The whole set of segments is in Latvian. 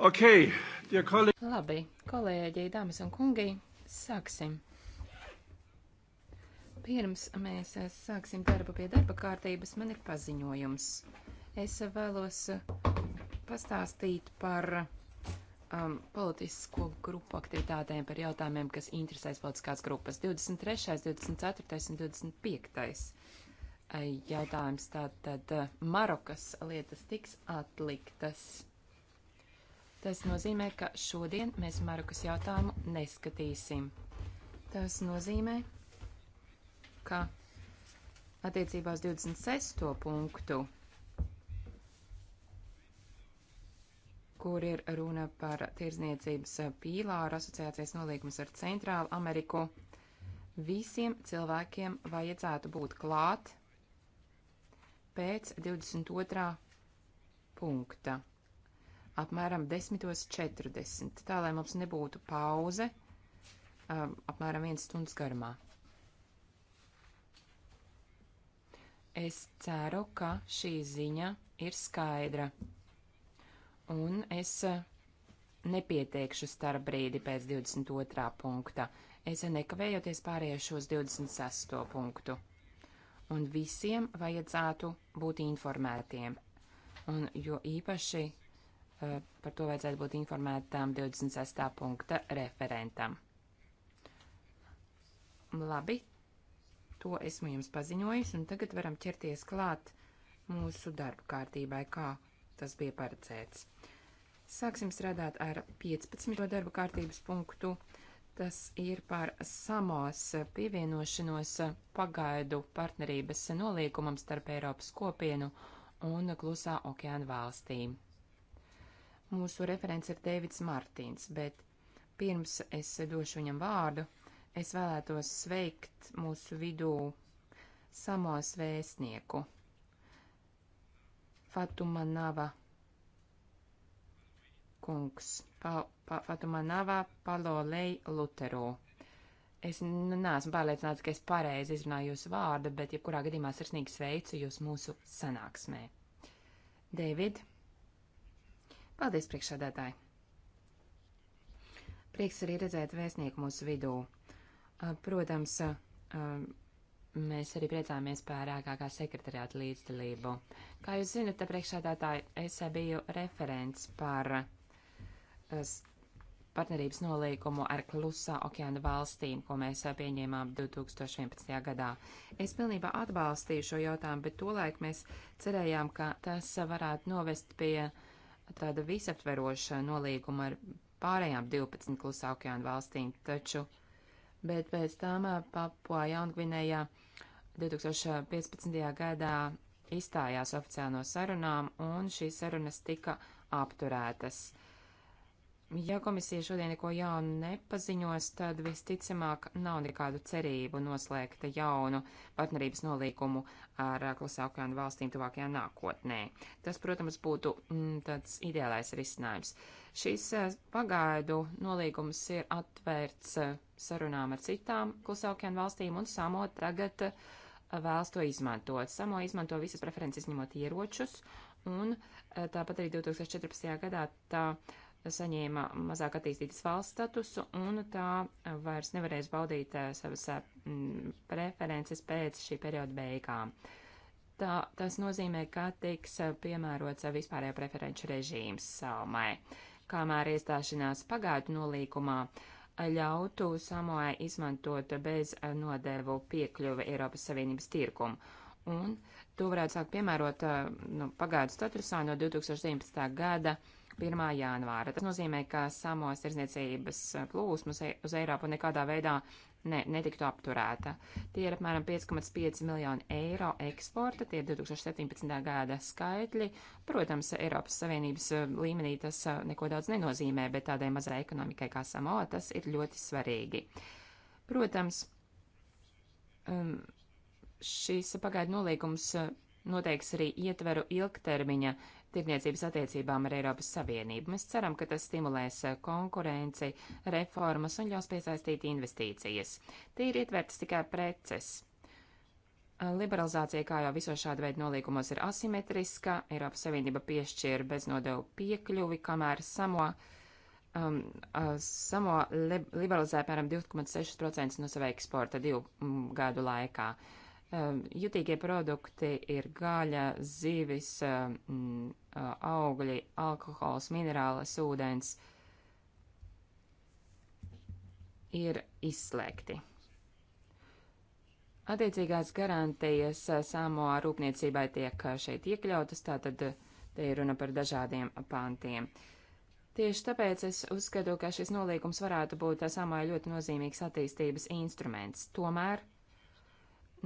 Okay, kolēģi. Labi, kolēģi, dāmas un kungi, sāksim. Pirms mēs sāksim darbu pie darba kārtības, man ir paziņojums. Es vēlos pastāstīt par um, politisko grupu aktivitātēm, par jautājumiem, kas interesēs politiskās grupas. 23., 24. un 25. jautājums tātad Marokas lietas tiks atliktas Tas nozīmē, ka šodien mēs Marukas jautājumu neskatīsim. Tas nozīmē, ka attiecībā uz 26. punktu, kur ir runa par tirzniecības pīlāru asociācijas nolīgumus ar Centrālu Ameriku, visiem cilvēkiem vajadzētu būt klāt pēc 22. punkta apmēram 10.40, tā lai mums nebūtu pauze um, apmēram 1 stundas garumā. Es ceru, ka šī ziņa ir skaidra, un es uh, nepieteikšu starp brīdi pēc 22. punkta. Es nekavējoties pāriešu uz 26. punktu. Un visiem vajadzētu būt informētiem. Un jo īpaši Eh, par to vajadzētu būt informētām 26. punkta referentam. Labi, to esmu jums paziņojis, un tagad varam ķerties klāt mūsu darbu kārtībai, kā tas bija paredzēts. Sāksim strādāt ar 15. darbu kārtības punktu. Tas ir par samos pievienošanos pagaidu partnerības nolīgumam starp Eiropas kopienu un Klusā okeāna valstīm. Mūsu referents ir Dēvids Martīns, bet pirms es došu viņam vārdu, es vēlētos sveikt mūsu vidū samos vēstnieku Fatuma Nava kungs, pa, pa, Fatuma Nava Palolei Lutero. Es neesmu pārliecināts, ka es pareizi izrunāju jūsu vārdu, bet jebkurā gadījumā sirsnīgi sveicu jūs mūsu sanāksmē. David, Paldies, priekšsādātāji! Prieks arī redzēt vēstnieku mūsu vidū. Protams, mēs arī priecāmies par ārākā sekretariāta līdzdalību. Kā jūs zinat, priekšsādātāji, es biju referents par partnerības nolīgumu ar klusā okeāna valstīm, ko mēs pieņēmām 2011. gadā. Es pilnībā atbalstīju šo jautājumu, bet tolaik mēs cerējām, ka tas varētu novest pie uh, tāda visaptveroša nolīguma ar pārējām 12 klusā okeāna valstīm, taču, bet pēc tam Papua Jaungvinējā 2015. gadā izstājās oficiāli no sarunām, un šīs sarunas tika apturētas. Uh, Ja komisija šodien neko jaunu nepaziņos, tad visticamāk nav nekādu cerību noslēgt jaunu partnerības nolīgumu ar Klusā okeāna valstīm tuvākajā nākotnē. Tas, protams, būtu mm, tāds ideālais risinājums. Šis eh, pagaidu nolīgums ir atvērts eh, sarunām ar citām Klusā okeāna valstīm un Samo tagad eh, vēlas to izmantot. Samo izmanto visas preferences, ņemot ieročus, un tāpat arī 2014. gadā tā saņēma mazāk attīstītas valsts statusu, un tā vairs nevarēs baudīt eh, savas eh, preferences pēc šī perioda beigām. Tā, tas nozīmē, ka tiks eh, piemērots vispārējā preferenču režīms Salmai, kamēr iestāšanās pagātnē nolīkumā ļautu Samoai izmantot bez nodevu piekļuvi Eiropas Savienības tirkumu. Un to varētu sākt piemērot nu, pagādu statusā no 2017. gada uh, 1. janvāra. Tas nozīmē, ka samos tirdzniecības plūsmas e- uz Eiropu nekādā veidā ne, netiktu apturēta. Tie ir apmēram 5,5 miljoni eiro eksporta, tie ir 2017. gada skaitļi. Protams, Eiropas Savienības e, līmenī tas e, neko daudz nenozīmē, bet tādai mazai ekonomikai kā samo tas ir ļoti svarīgi. Protams, um, šīs pagaidu nolīgums noteiks arī ietveru ilgtermiņa tirniecības attiecībām ar Eiropas Savienību. Mēs ceram, ka tas stimulēs eh, konkurenci, reformas un ļaus piesaistīt investīcijas. Tī ir ietvertas tikai preces. Eh, liberalizācija, kā jau visos šāda veida nolīgumos, ir asimetriska. Eiropas Savienība piešķir beznodevu piekļuvi, kamēr samo, um, eh, samo liberalizē apmēram 2,6% no sava eksporta divu mm, gadu laikā. Uh, Jutīgie produkti ir gaļa, zivis, augļi, alkohols, minerālas ūdens ir izslēgti. Attiecīgās garantijas samoā rūpniecībai tiek šeit iekļautas, tātad te ir runa par dažādiem pāntiem. Tieši tāpēc es uzskatu, ka šis nolīgums varētu būt samai ļoti nozīmīgs attīstības instruments. Tomēr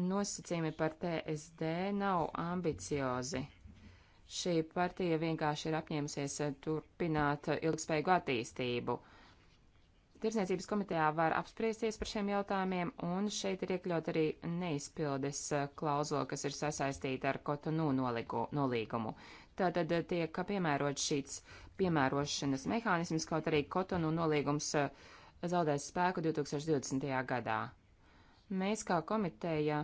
nosacījumi par TSD nav ambiciozi. Šī partija vienkārši ir apņēmusies eh, turpināt eh, ilgspējīgu attīstību. Tirzniecības komitejā var apspriesties par šiem jautājumiem, un šeit ir iekļaut arī neizpildes eh, klauzula, kas ir sasaistīta ar Kotonu noligu, nolīgumu. Tātad tiek piemērots šīs piemērošanas mehānisms, kaut arī Kotonu nolīgums zaudēs spēku 2020. gadā. Mēs kā komiteja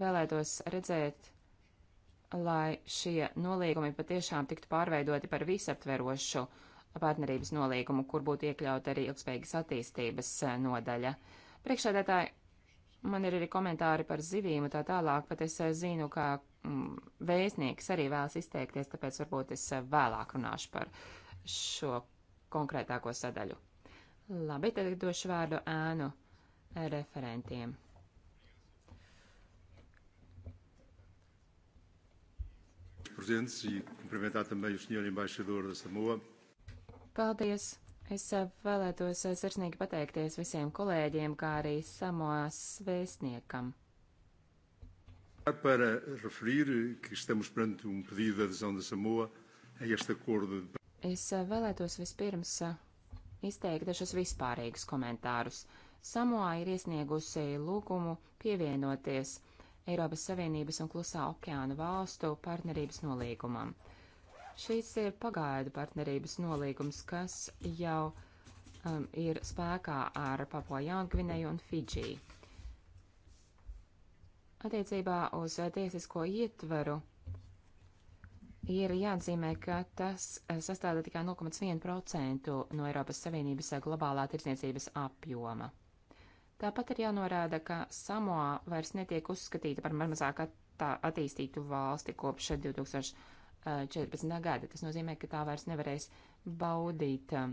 vēlētos redzēt, lai šie nolīgumi patiešām tiktu pārveidoti par visaptverošu partnerības nolīgumu, kur būtu iekļauta arī ilgspējīgas attīstības e, nodaļa. Priekšādētāji, man ir arī komentāri par zivīm un tā tālāk, bet es e, zinu, ka mm, vēstnieks arī vēlas izteikties, tāpēc varbūt es e, vēlāk runāšu par šo konkrētāko sadaļu. Labi, tad došu vārdu ēnu referentiem. presentes e cumprimentar também o Sr. Embaixador da Samoa. Paldies! Es eh, vēlētos eh, sirsnīgi pateikties visiem kolēģiem, kā arī Samoas vēstniekam. Para referir, ka estamos perante um pedido de adesão da Samoa a este acordo de... Es eh, vēlētos vispirms izteikt dažus vispārīgus komentārus. Samoa ir iesniegusi lūgumu pievienoties Eiropas Savienības un Klusā okeāna valstu partnerības nolīgumam. Šīs ir pagaidu partnerības nolīgums, kas jau um, ir spēkā ar Papua Jaungvineju un Fidži. Attiecībā uz tiesisko ietveru ir jāatzīmē, ka tas sastāda tikai 0,1% no Eiropas Savienības globālā tirdzniecības apjoma. Tāpat ir jānorāda, ka Samoa vairs netiek uzskatīta par mazāk attīstītu valsti kopš 2014. gada. Tas nozīmē, ka tā vairs nevarēs baudīt um,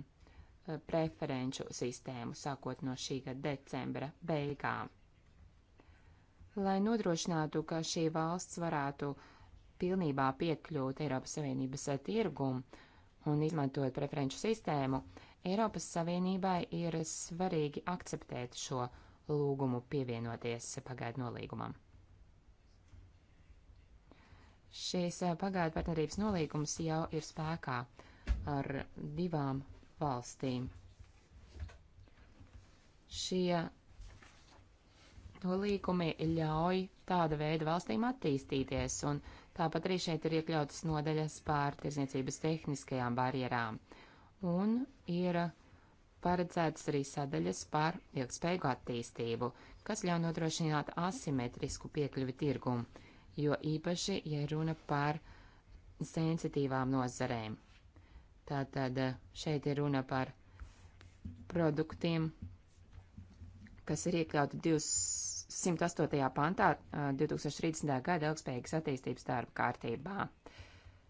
preferenču sistēmu sākot no šī gada decembra beigām. Lai nodrošinātu, ka šī valsts varētu pilnībā piekļūt Eiropas Savienības tirgumu un izmantot preferenču sistēmu, uh, Eiropas Savienībai ir svarīgi akceptēt šo lūgumu pievienoties pagaidu nolīgumam. Šīs eh, pagaidu partnerības nolīgums jau ir spēkā ar divām valstīm. Šie nolīgumi ļauj tāda veida valstīm attīstīties, un tāpat arī šeit ir iekļautas nodaļas pār tirzniecības tehniskajām barjerām un ir paredzētas arī sadaļas par ilgspējīgu attīstību, kas ļauj nodrošināt asimetrisku piekļuvi tirgumu, jo īpaši, ja runa par sensitīvām nozarēm. Tātad eh, šeit ir runa par produktiem, kas ir iekļauti 208. pantā 2030. Eh, gada ilgspējīgas attīstības darba kārtībā. Uh,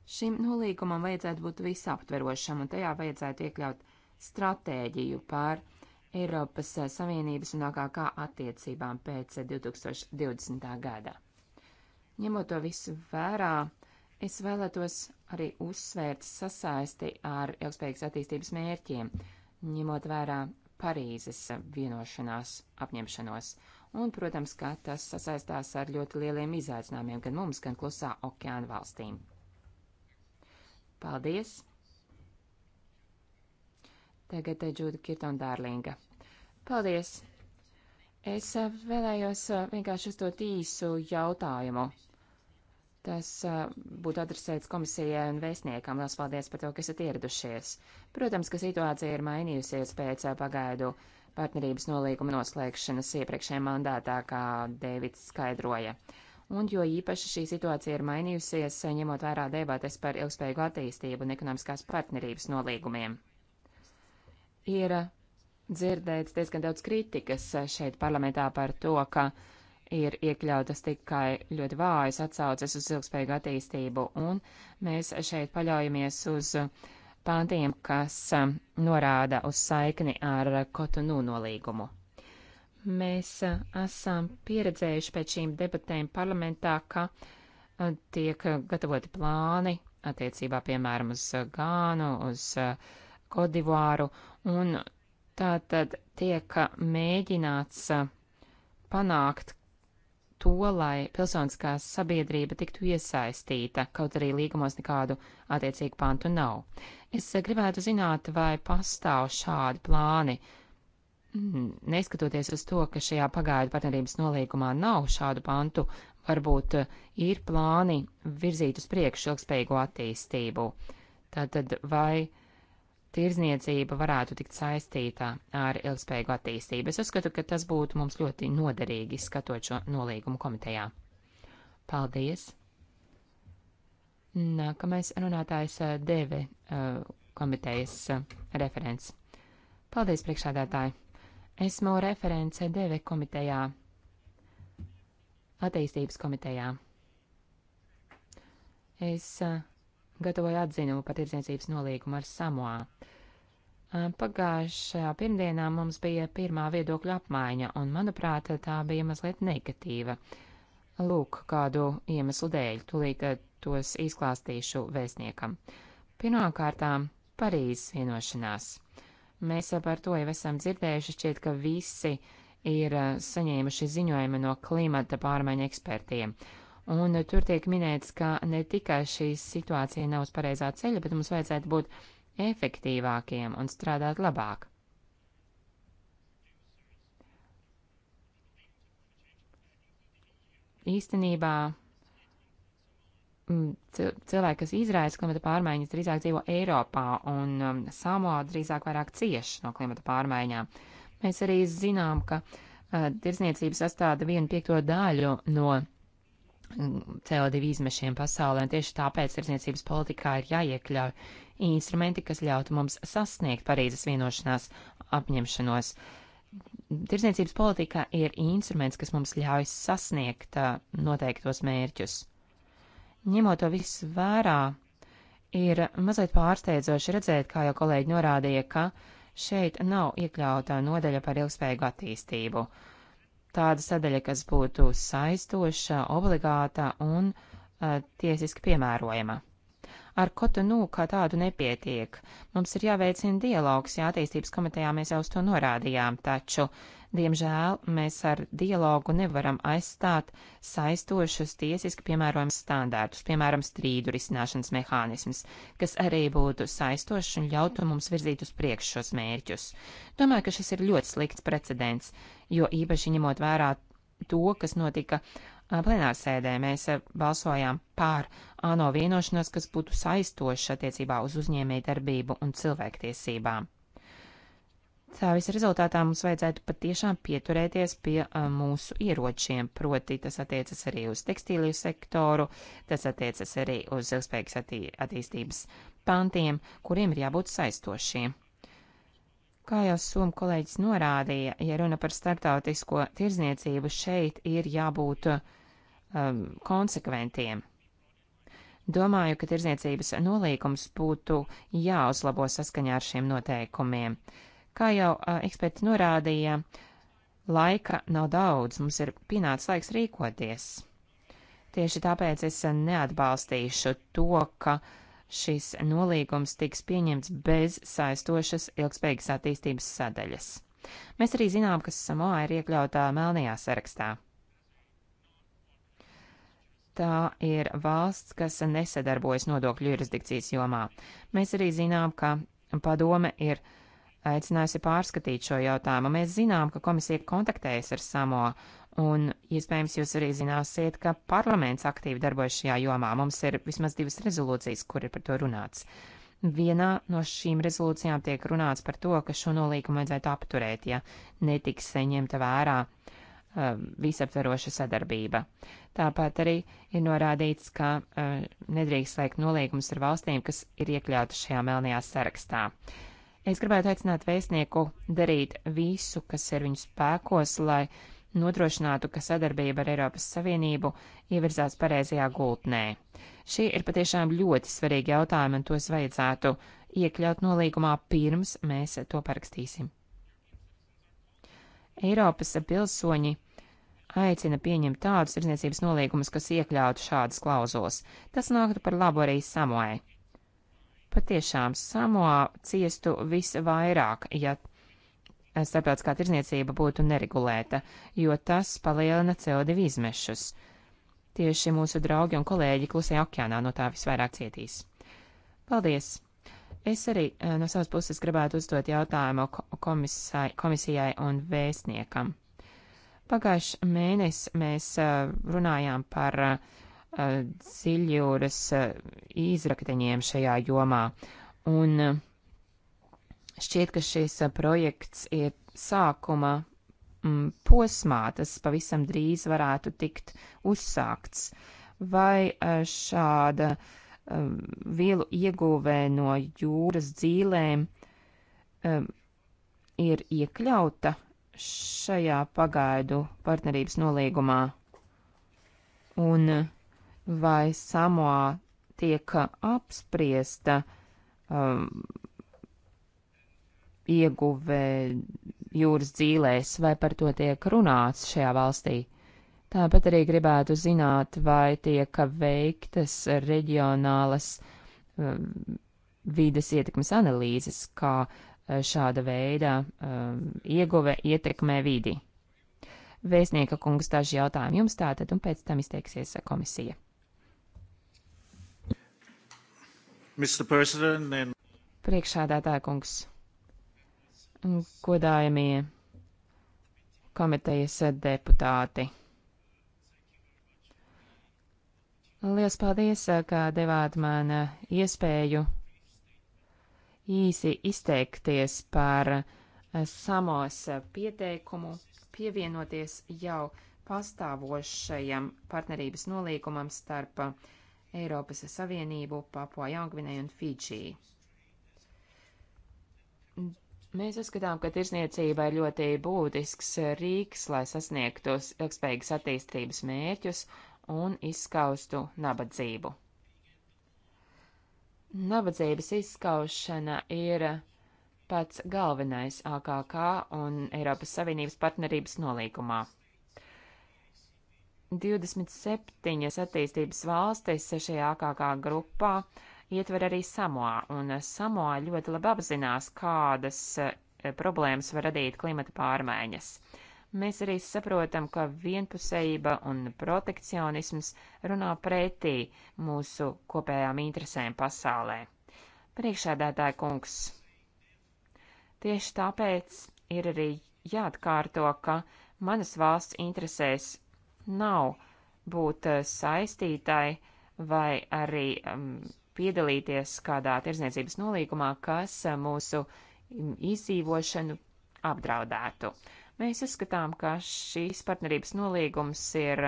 Šim nolīgumam vajadzētu būt visaptverošam, un tajā vajadzētu iekļaut stratēģiju pār Eiropas eh, Savienības un AKK attiecībām pēc 2020. Eh, gada. Ņemot to visu vērā, es vēlētos arī uzsvērt sasaisti ar ilgspējīgas attīstības mērķiem, ņemot vērā Parīzes vienošanās apņemšanos. Un, protams, ka tas sasaistās ar ļoti lieliem izaicinājumiem gan mums, gan klusā okeāna valstīm. Paldies! Tagad eh, Džūda Kirtona Dārlinga. Paldies! Es eh, vēlējos eh, vienkārši uzdot īsu jautājumu. Tas uh, būtu adresēts komisijai un vēstniekam. Lielas paldies par to, ka esat ieradušies. Protams, ka situācija ir mainījusies pēc uh, pagaidu partnerības nolīguma noslēgšanas iepriekšējā mandātā, kā Dēvids skaidroja. Uh, un jo īpaši šī situācija ir mainījusies, ņemot vērā debates par ilgspējīgu attīstību un ekonomiskās partnerības nolīgumiem. Ir dzirdēts diezgan daudz kritikas šeit parlamentā par to, ka ir iekļautas tikai ļoti vājas atsauces uz ilgspējīgu attīstību, un mēs šeit paļaujamies uz pāntiem, kas norāda uz saikni ar Kotonu nolīgumu. Mēs esam pieredzējuši pēc šīm debatēm parlamentā, ka tiek gatavoti plāni attiecībā, piemēram, uz Gānu, uz Kodivāru, un tā tad tiek mēģināts panākt to, lai pilsoniskā sabiedrība tiktu iesaistīta, kaut arī līgumos nekādu attiecīgu pantu nav. Es gribētu zināt, vai pastāv šādi plāni, uh, Mm, neskatoties uz to, ka šajā pagaidu partnerības nolīgumā nav šādu pantu, varbūt eh, ir plāni virzīt uz priekšu ilgspējīgo attīstību. Tātad vai tirzniecība varētu tikt saistītā ar ilgspējīgu attīstību? Es uzskatu, ka tas būtu mums ļoti noderīgi skatot šo nolīgumu komitejā. Paldies! Nākamais runātājs eh, Deve eh, komitejas referents. Paldies, priekšādātāji! Esmu reference DV komitejā, attīstības komitejā. Es gatavoju atzinumu par tirdzniecības nolīgumu ar Samoā. Pagājušajā pirmdienā mums bija pirmā viedokļa apmaiņa, un, manuprāt, tā bija mazliet negatīva. Lūk, kādu iemeslu dēļ, tūlīt tos izklāstīšu vēstniekam. Pirmkārtām, Parīzes vienošanās. Mēs par to jau esam dzirdējuši, šķiet, ka visi ir eh, saņēmuši ziņojumu no klimata pārmaiņu ekspertiem. Un eh, tur tiek minēts, ka ne tikai šī situācija nav uz pareizā ceļa, bet mums vajadzētu būt efektīvākiem un strādāt labāk. Īstenībā Mm, cilvēki, kas izraisa klimata pārmaiņas, drīzāk dzīvo Eiropā un um, Samoa drīzāk vairāk cieš no klimata pārmaiņām. Mēs arī zinām, ka uh, tirsniecība sastāda vienu piekto daļu no mm, CO2 izmešiem pasaulē, un tieši tāpēc tirsniecības politikā ir jāiekļauj instrumenti, kas ļautu mums sasniegt Parīzes vienošanās apņemšanos. Tirsniecības politika ir instruments, kas mums ļauj sasniegt uh, noteiktos mērķus. Ņemot to visu vērā, ir mazliet pārsteidzoši redzēt, kā jau kolēģi norādīja, ka šeit nav iekļauta nodaļa par ilgspējīgu attīstību. Tāda sadaļa, kas būtu saistoša, obligāta un uh, tiesiski piemērojama. Ar Kotonu kā tādu nepietiek. Mums ir jāveicina dialogs, ja attīstības komitejā mēs jau uz to norādījām, taču, diemžēl, mēs ar dialogu nevaram aizstāt saistošus tiesiski piemērojams standārtus, piemēram, strīdu risināšanas mehānismus, kas arī būtu saistoši un ļautu mums virzīt uz priekšu šos mērķus. Domāju, ka šis ir ļoti slikts precedents, jo īpaši ņemot vērā to, kas notika Uh, plenārsēdē mēs uh, balsojām pār ANO vienošanos, kas būtu saistoša attiecībā uz uzņēmēju darbību un cilvēktiesībām. Tā visa rezultātā mums vajadzētu patiešām pieturēties pie uh, mūsu ieročiem, proti tas attiecas arī uz tekstīliju sektoru, tas attiecas arī uz ilgspējīgas attī attīstības pantiem, kuriem ir jābūt saistošiem. Kā jau Suma kolēģis norādīja, ja runa par starptautisko tirzniecību, šeit ir jābūt uh, um, konsekventiem. Domāju, ka tirzniecības nolīgums būtu jāuzlabo saskaņā ar šiem noteikumiem. Kā jau uh, eksperti norādīja, laika nav daudz, mums ir pienācis laiks rīkoties. Tieši tāpēc es neatbalstīšu to, ka šis nolīgums tiks pieņemts bez saistošas ilgspējīgas attīstības sadaļas. Mēs arī zinām, ka Samoa ir iekļautā melnajā sarakstā tā ir valsts, kas nesadarbojas nodokļu jurisdikcijas jomā. Mēs arī zinām, ka padome ir aicinājusi pārskatīt šo jautājumu. Mēs zinām, ka komisija kontaktējas ar Samo, un iespējams jūs arī zināsiet, ka parlaments aktīvi darbojas šajā jomā. Mums ir vismaz divas rezolūcijas, kur ir par to runāts. Vienā no šīm rezolūcijām tiek runāts par to, ka šo nolīgumu vajadzētu apturēt, ja netiks saņemta vērā uh, Um, visaptveroša sadarbība. Tāpat arī ir norādīts, ka uh, nedrīkst slēgt nolīgumus ar valstīm, kas ir iekļautas šajā melnajā sarakstā. Es gribētu aicināt vēstnieku darīt visu, kas ir viņu spēkos, lai nodrošinātu, ka sadarbība ar Eiropas Savienību ievirzās pareizajā gultnē. Šie ir patiešām ļoti svarīgi jautājumi, un tos vajadzētu iekļaut nolīgumā pirms mēs to parakstīsim. Eiropas pilsoņi aicina pieņemt tādus tirdzniecības nolīgumus, kas iekļautu šādas klauzulas. Tas nāktu par labu arī Samoai. Patiešām Samoa ciestu visvairāk, ja starptautiskā tirdzniecība būtu neregulēta, jo tas palielina CO2 izmešus. Tieši mūsu draugi un kolēģi Klusajā okeānā no tā visvairāk cietīs. Paldies! Es arī eh, no savas puses gribētu uzdot jautājumu komisai, komisijai un vēstniekam. Pagājuši mēnesi mēs eh, runājām par eh, dziļjūras izrakteņiem šajā jomā, un šķiet, ka šis projekts ir sākuma mm, posmā, tas pavisam drīz varētu tikt uzsākts. Vai šāda uh, um, vielu ieguvē no jūras dzīlēm um, ir iekļauta šajā pagaidu partnerības nolīgumā? Un uh, vai Samoā tiek apspriesta um, ieguve jūras dzīlēs, vai par to tiek runāts šajā valstī? Tāpat arī gribētu zināt, vai tiek veiktas reģionālas um, vīdes ietekmes analīzes, kā uh, šāda veida um, ieguve ietekmē vidi. Vēstnieka kungs daži jautājumi jums tātad, un pēc tam izteiksies uh, komisija. And... Priekšādātāja kungs, godājamie komitejas uh, deputāti. Lielas paldies, eh, ka devāt man eh, iespēju īsi izteikties par eh, samos pieteikumu pievienoties jau pastāvošajam partnerības nolīgumam starp Eiropas Savienību, Papua Jaungvinai un Fidžī. Mēs uzskatām, ka tirsniecība ir ļoti būtisks rīks, lai sasniegtos ilgspējīgas attīstības mērķus un izskaustu nabadzību. Nabadzības izskaušana ir pats galvenais AKK un Eiropas Savienības partnerības nolīgumā. 27 attīstības valstis šajā AKK grupā ietver arī Samoa, un Samoa ļoti labi apzinās, kādas eh, problēmas var radīt klimata pārmaiņas. Mēs arī saprotam, ka vienpusējība un protekcionisms runā pretī mūsu kopējām interesēm pasaulē. Priekšādētāja kungs. Tieši tāpēc ir arī jāatkārto, ka manas valsts interesēs nav būt eh, saistītai vai arī um, piedalīties kādā tirdzniecības nolīgumā, kas eh, mūsu mm, izdzīvošanu apdraudētu. Mēs uzskatām, ka šīs partnerības nolīgums ir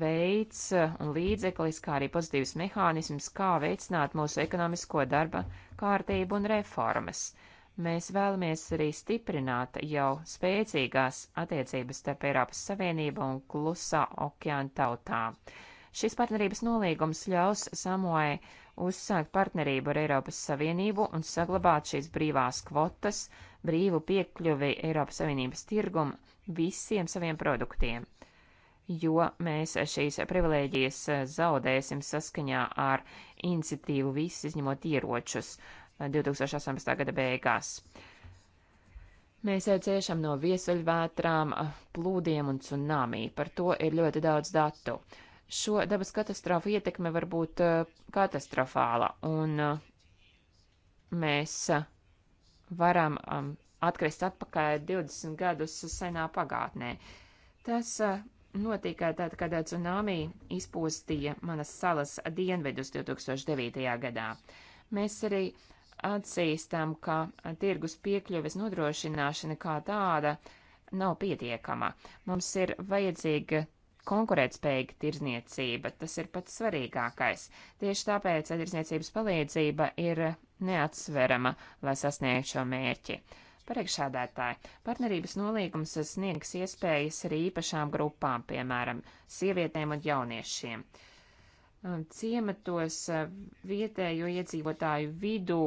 veids un līdzeklis, kā arī pozitīvs mehānisms, kā veicināt mūsu ekonomisko darba kārtību un reformas. Mēs vēlamies arī stiprināt jau spēcīgās attiecības starp Eiropas Savienību un klusā okeāna tautām. Šis partnerības nolīgums ļaus Samoai uzsākt partnerību ar Eiropas Savienību un saglabāt šīs brīvās kvotas brīvu piekļuvi Eiropas Savienības tirgumu visiem saviem produktiem, jo mēs šīs privilēģijas eh, zaudēsim saskaņā ar iniciatīvu visi izņemot ieročus 2018. Eh, gada beigās. Mēs eh, ciešam no viesuļvētrām, plūdiem un cunami. Par to ir ļoti daudz datu. Šo dabas katastrofu ietekme var būt katastrofāla, un mēs varam um, atkrist atpakaļ 20 gadus senā pagātnē. Tas uh, notika tad, kad tsunami izpostīja manas salas dienvedus 2009. gadā. Mēs arī atzīstam, ka tirgus piekļuves nodrošināšana kā tāda nav pietiekama. Mums ir vajadzīga konkurētspējīga tirzniecība. Tas ir pats svarīgākais. Tieši tāpēc tirzniecības palīdzība ir neatsverama, lai sasniegtu šo mērķi. Priekšādātāji, partnerības nolīgums sniegs iespējas arī īpašām grupām, piemēram, sievietēm un jauniešiem. Um, ciematos uh, vietējo iedzīvotāju vidū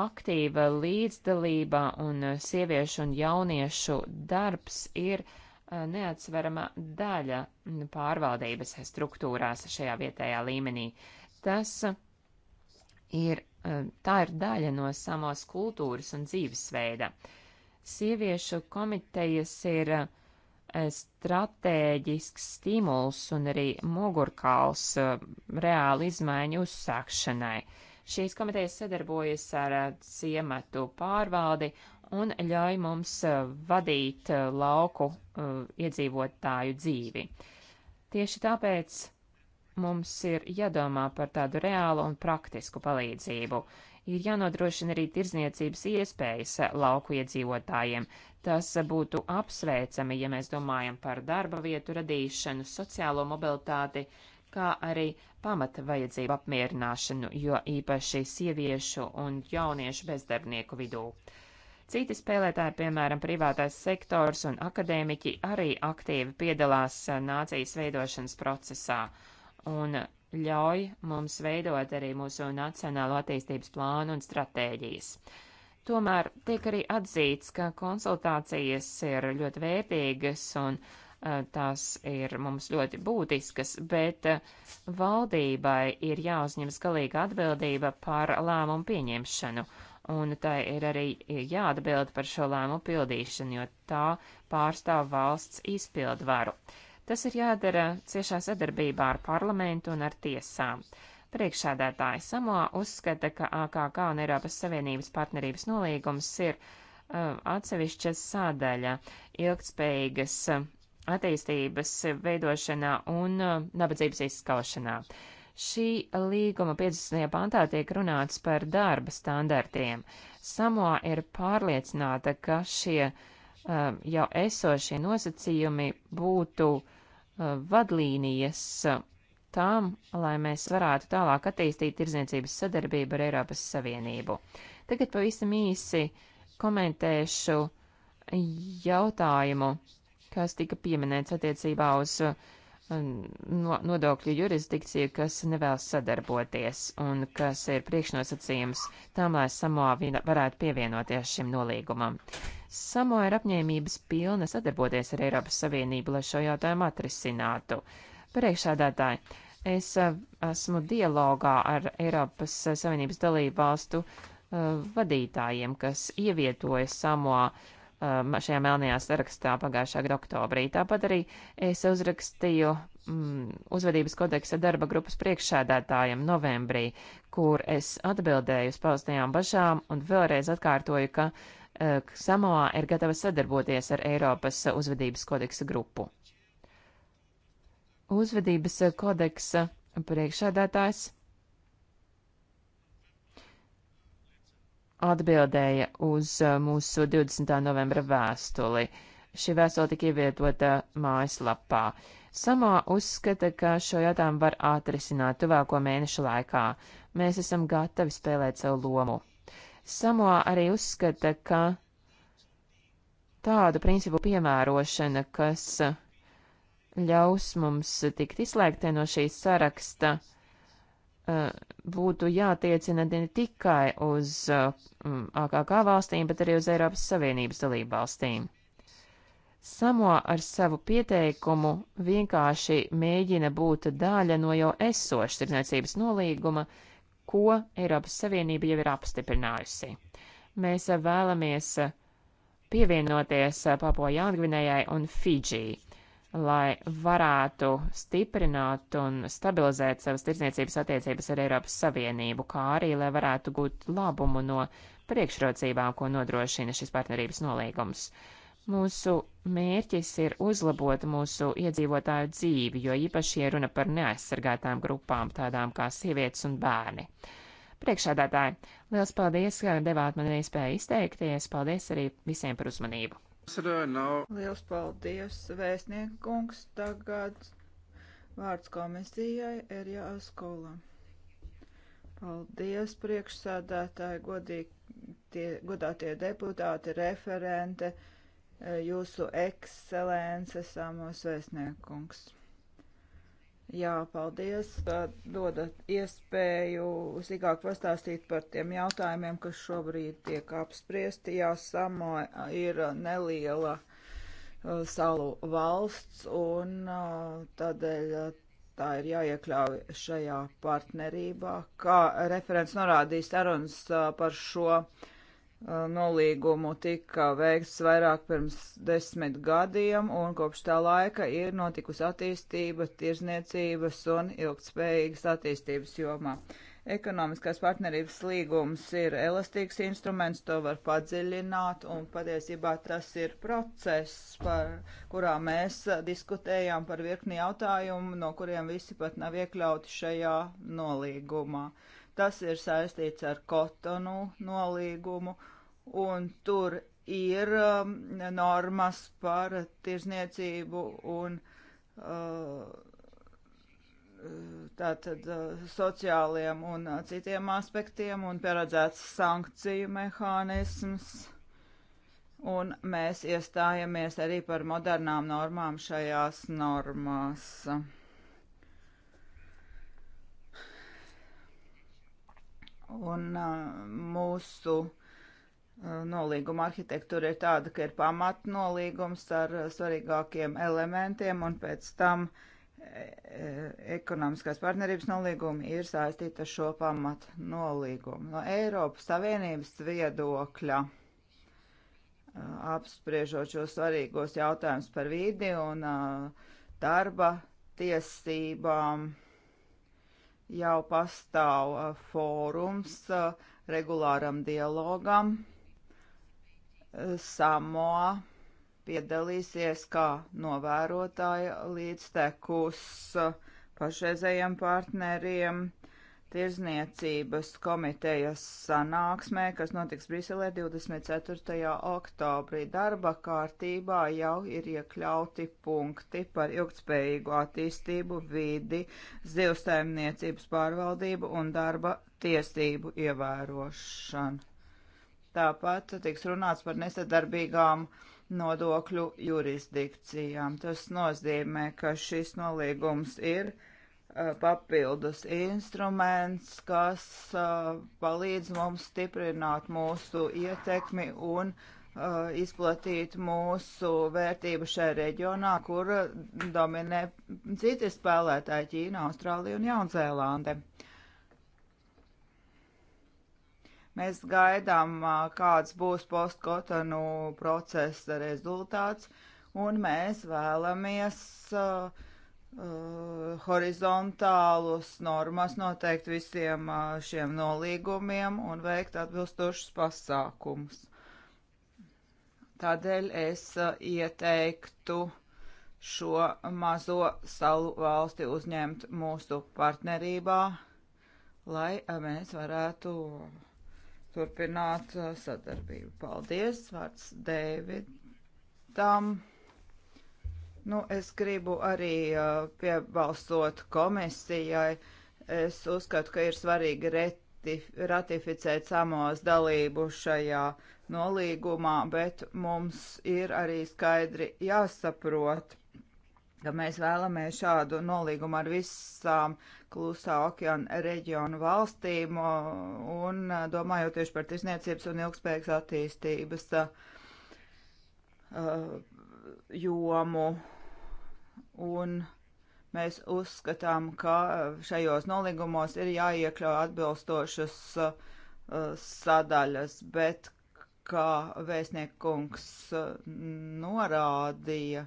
aktīva līdzdalība un uh, sieviešu un jauniešu darbs ir uh, neatsverama daļa mm, pārvaldības struktūrās šajā vietējā līmenī. Tas ir Um, tā ir daļa no samos kultūras un dzīvesveida. Sieviešu komitejas ir uh, stratēģisks stimuls un arī mugurkauls uh, reāli izmaiņu uzsākšanai. Šīs komitejas sadarbojas ar uh, ciematu pārvaldi un ļauj mums vadīt lauku iedzīvotāju dzīvi. Tieši tāpēc mums ir jādomā par tādu reālu un praktisku palīdzību. Ir jānodrošina arī tirzniecības iespējas lauku iedzīvotājiem. Tas būtu apsveicami, ja mēs domājam par darba vietu radīšanu, sociālo mobilitāti, kā arī pamata vajadzību apmierināšanu, jo īpaši sieviešu un jauniešu bezdarbnieku vidū. Citi spēlētāji, piemēram, privātais sektors un akadēmiķi, arī aktīvi piedalās nācijas veidošanas procesā un ļauj mums veidot arī mūsu nacionālo attīstības plānu un stratēģijas. Tomēr tiek arī atzīts, ka konsultācijas ir ļoti vērtīgas un eh, tās ir mums ļoti būtiskas, bet eh, valdībai ir jāuzņemas galīga atbildība par lēmumu pieņemšanu, un tai ir arī jāatbild par šo lēmumu pildīšanu, jo tā pārstāv valsts izpildvaru. varu. Tas ir jādara ciešā sadarbībā ar parlamentu un ar tiesām. Priekšsādātāja Samoa uzskata, ka AKK un Eiropas Savienības partnerības nolīgums ir uh, atsevišķa sādaļa ilgtspējīgas uh, attīstības veidošanā un uh, nabadzības izskaušanā. Šī līguma 50. pantā tiek runāts par darba standartiem. Samoa ir pārliecināta, ka šie uh, jau esošie nosacījumi būtu uh, Uh, vadlīnijas uh, tām, lai mēs varētu tālāk attīstīt tirzniecības sadarbību ar Eiropas Savienību. Tagad pavisam īsi komentēšu jautājumu, kas tika pieminēts attiecībā uz uh, nodokļu jurisdikciju, kas nevēlas sadarboties un kas ir priekšnosacījums tam, lai Samoa varētu pievienoties šim nolīgumam. Samoa ir apņēmības pilna sadarboties ar Eiropas Savienību, lai šo jautājumu atrisinātu. Priekšādātāji, es eh, esmu dialogā ar Eiropas Savienības dalību valstu uh, vadītājiem, kas ievietoja Samoa uh, Um, šajā melnajā sarakstā pagājušā gada oktobrī. Tāpat arī es uzrakstīju mm, uzvedības kodeksa darba grupas priekšsēdētājiem novembrī, kur es atbildēju uz paustajām bažām un vēlreiz atkārtoju, ka uh, Samoa ir gatava sadarboties ar Eiropas uzvedības kodeksa grupu. Uzvedības kodeksa priekšsēdētājs atbildēja uz uh, mūsu 20. novembra vēstuli. Šī vēstule tika ievietota mājaslapā. Samā uzskata, ka šo jautājumu var atrisināt tuvāko mēnešu laikā. Mēs esam gatavi spēlēt savu lomu. Samoa arī uzskata, ka tādu principu piemērošana, kas ļaus mums tikt izslēgtē no šīs saraksta, uh, Eh, būtu jātiecina ne tikai uz eh, mm, AKK valstīm, bet arī uz Eiropas Savienības dalību valstīm. Samoa ar savu pieteikumu vienkārši mēģina būt daļa no jau esošas tirdzniecības nolīguma, ko Eiropas Savienība jau ir apstiprinājusi. Mēs eh, vēlamies pievienoties Papo Jaungvinējai un Fidžijai lai varētu stiprināt un stabilizēt savas tirdzniecības attiecības ar Eiropas Savienību, kā arī lai varētu gūt labumu no priekšrocībām, ko nodrošina šis partnerības nolīgums. Mūsu mērķis ir uzlabot mūsu iedzīvotāju dzīvi, jo īpaši ir runa par neaizsargātām grupām, tādām kā sievietes un bērni. Priekšādātāji, liels paldies, ka devāt man iespēju izteikties, paldies arī visiem par uzmanību! Liels paldies, vēstnieku kungs. Tagad vārds komisijai ir jāskola. Paldies, priekšsādātāji, godīgi, godātie deputāti, referente, eh, jūsu ekscelences, amos vēstnieku kungs. Jā, paldies, ka dodat iespēju sīkāk pastāstīt par tiem jautājumiem, kas šobrīd tiek apspriesti. Jā, Samo ir neliela uh, salu valsts un uh, tādēļ uh, tā ir jāiekļauj šajā partnerībā. Kā referents norādīja sarunas uh, par šo Uh, nolīgumu tika veikts vairāk pirms desmit gadiem, un kopš tā laika ir notikusi attīstība tirzniecības un ilgtspējīgas attīstības jomā. Ekonomiskās partnerības līgums ir elastīgs instruments, to var padziļināt, un patiesībā tas ir process, par kurā mēs diskutējām par virkni jautājumu, no kuriem visi pat nav iekļauti šajā nolīgumā. Uh, Tas ir saistīts ar kotonu nolīgumu, un tur ir um, normas par tirzniecību un uh, tātad uh, sociāliem un uh, citiem aspektiem un paredzēts sankciju mehānisms. Un mēs iestājamies arī par modernām normām šajās normās. Un mūsu nolīguma arhitektūra ir tāda, ka ir pamatnolīgums ar svarīgākiem elementiem, un pēc tam ekonomiskās partnerības nolīgumi ir saistīti ar šo pamatnolīgumu. No Eiropas Savienības viedokļa apspriežot šos svarīgos jautājumus par vidi un darba tiesībām jau pastāv uh, fórums uh, regulāram dialogam. Uh, Samoa piedalīsies kā novērotāja līdztekus uh, pašreizējiem partneriem Tirzniecības komitejas sanāksmē, kas notiks Briselē 24. oktobrī. Darba kārtībā jau ir iekļauti punkti par ilgtspējīgu attīstību, vidi, zivstaimniecības pārvaldību un darba tiesību ievērošanu. Tāpat tiks runāts par nesadarbīgām nodokļu jurisdikcijām. Tas nozīmē, ka šis nolīgums ir Uh, papildus instruments, kas uh, palīdz mums stiprināt mūsu ietekmi un uh, izplatīt mūsu vērtību šajā reģionā, kur dominē citi spēlētāji - Ķīna, Austrālija un Jaunzēlande. Mēs gaidām, kāds būs postkotanu procesa rezultāts, un mēs vēlamies uh, uh, horizontālus normas noteikt visiem uh, šiem nolīgumiem un veikt atbilstošus pasākumus. Tādēļ es uh, ieteiktu šo mazo salu valsti uzņemt mūsu partnerībā, lai uh, mēs varētu turpināt uh, sadarbību. Paldies, vārds Dēvidam. Nu, es gribu arī uh, piebalsot komisijai. Es uzskatu, ka ir svarīgi ratificēt samos dalību šajā nolīgumā, bet mums ir arī skaidri jāsaprot, ka mēs vēlamies šādu nolīgumu ar visām klusā okeāna reģionu valstīm un domājot tieši par tirsniecības un ilgspējīgas attīstības uh, jomu. Uh, un mēs uzskatām, ka uh, šajos nolīgumos ir jāiekļauj atbilstošas uh, sadaļas, bet kā vēstniekungs uh, norādīja,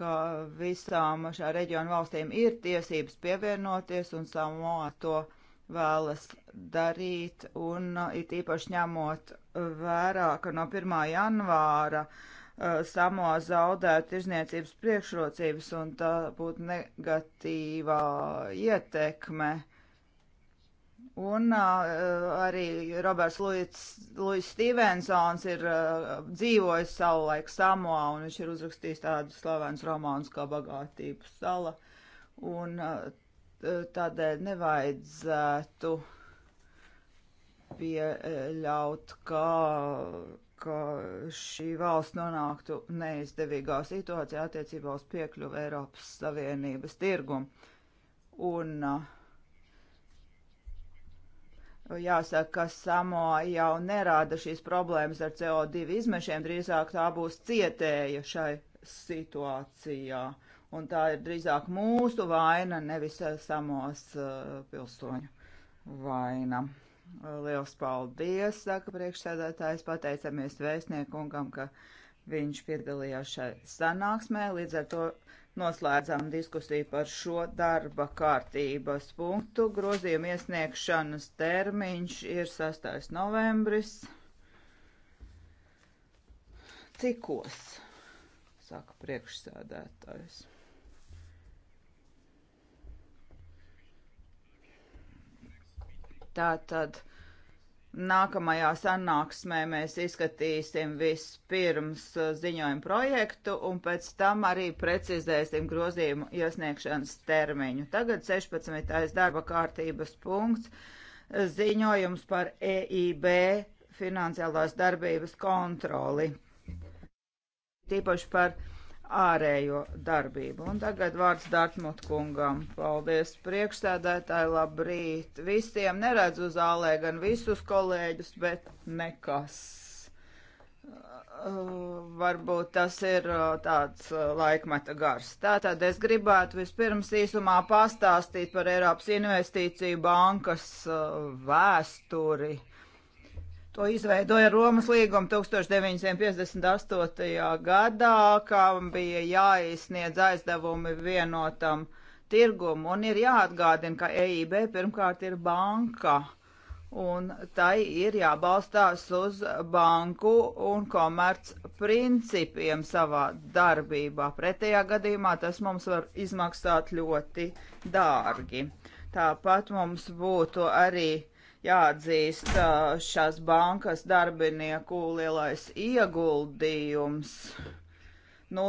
ka visām šā reģiona valstīm ir tiesības pievienoties un Samoa to vēlas darīt, un uh, it īpaši ņemot vērā, ka no 1. janvāra uh, Uh, Samoa zaudētu tirzniecības priekšrocības un tā būtu negatīvā ietekme. Un uh, arī Roberts Lūis Stevensons ir uh, dzīvojis savulaik Samoā, un viņš ir uzrakstījis tādu slavenu romānu kā Bagātības sala. Un uh, tādēļ nevajadzētu pieļaut, ka. Uh, ka šī valsts nonāktu neizdevīgā situācijā attiecībā uz piekļuvu Eiropas Savienības tirgumu. Un uh, jāsaka, ka samo jau nerāda šīs problēmas ar CO2 izmešiem, drīzāk tā būs cietēja šai situācijā. Un tā ir drīzāk mūsu vaina, nevis samos uh, pilsoņu vaina. Liels paldies, saka priekšsēdētājs, pateicamies vēstniekungam, ka viņš piedalījās šai sanāksmē. Līdz ar to noslēdzām diskusiju par šo darba kārtības punktu. Grozījuma iesniegšanas termiņš ir 6. novembris. Cikos, saka priekšsēdētājs. Tātad nākamajā sanāksmē mēs izskatīsim vispirms uh, ziņojumu projektu un pēc tam arī precizēsim grozījumu iesniegšanas termiņu. Tagad 16. darba kārtības punkts - ziņojums par EIB finansiālās darbības kontroli. Tīpaši par ārējo darbību. Un tagad vārds Dārtmut kungam. Paldies priekšstādētāji, labrīt visiem. Neredzu zālē gan visus kolēģus, bet nekas. Uh, varbūt tas ir uh, tāds uh, laikmeta gars. Tātad es gribētu vispirms īsumā pastāstīt par Eiropas Investīciju bankas uh, vēsturi To izveidoja Romas līguma 1958. gadā, kam bija jāizsniedz aizdevumi vienotam tirgumu, un ir jāatgādina, ka EIB pirmkārt ir banka, un tai ir jābalstās uz banku un komerc principiem savā darbībā. Pretējā gadījumā tas mums var izmaksāt ļoti dārgi. Tāpat mums būtu arī jāatzīst šās bankas darbinieku lielais ieguldījums. Nu,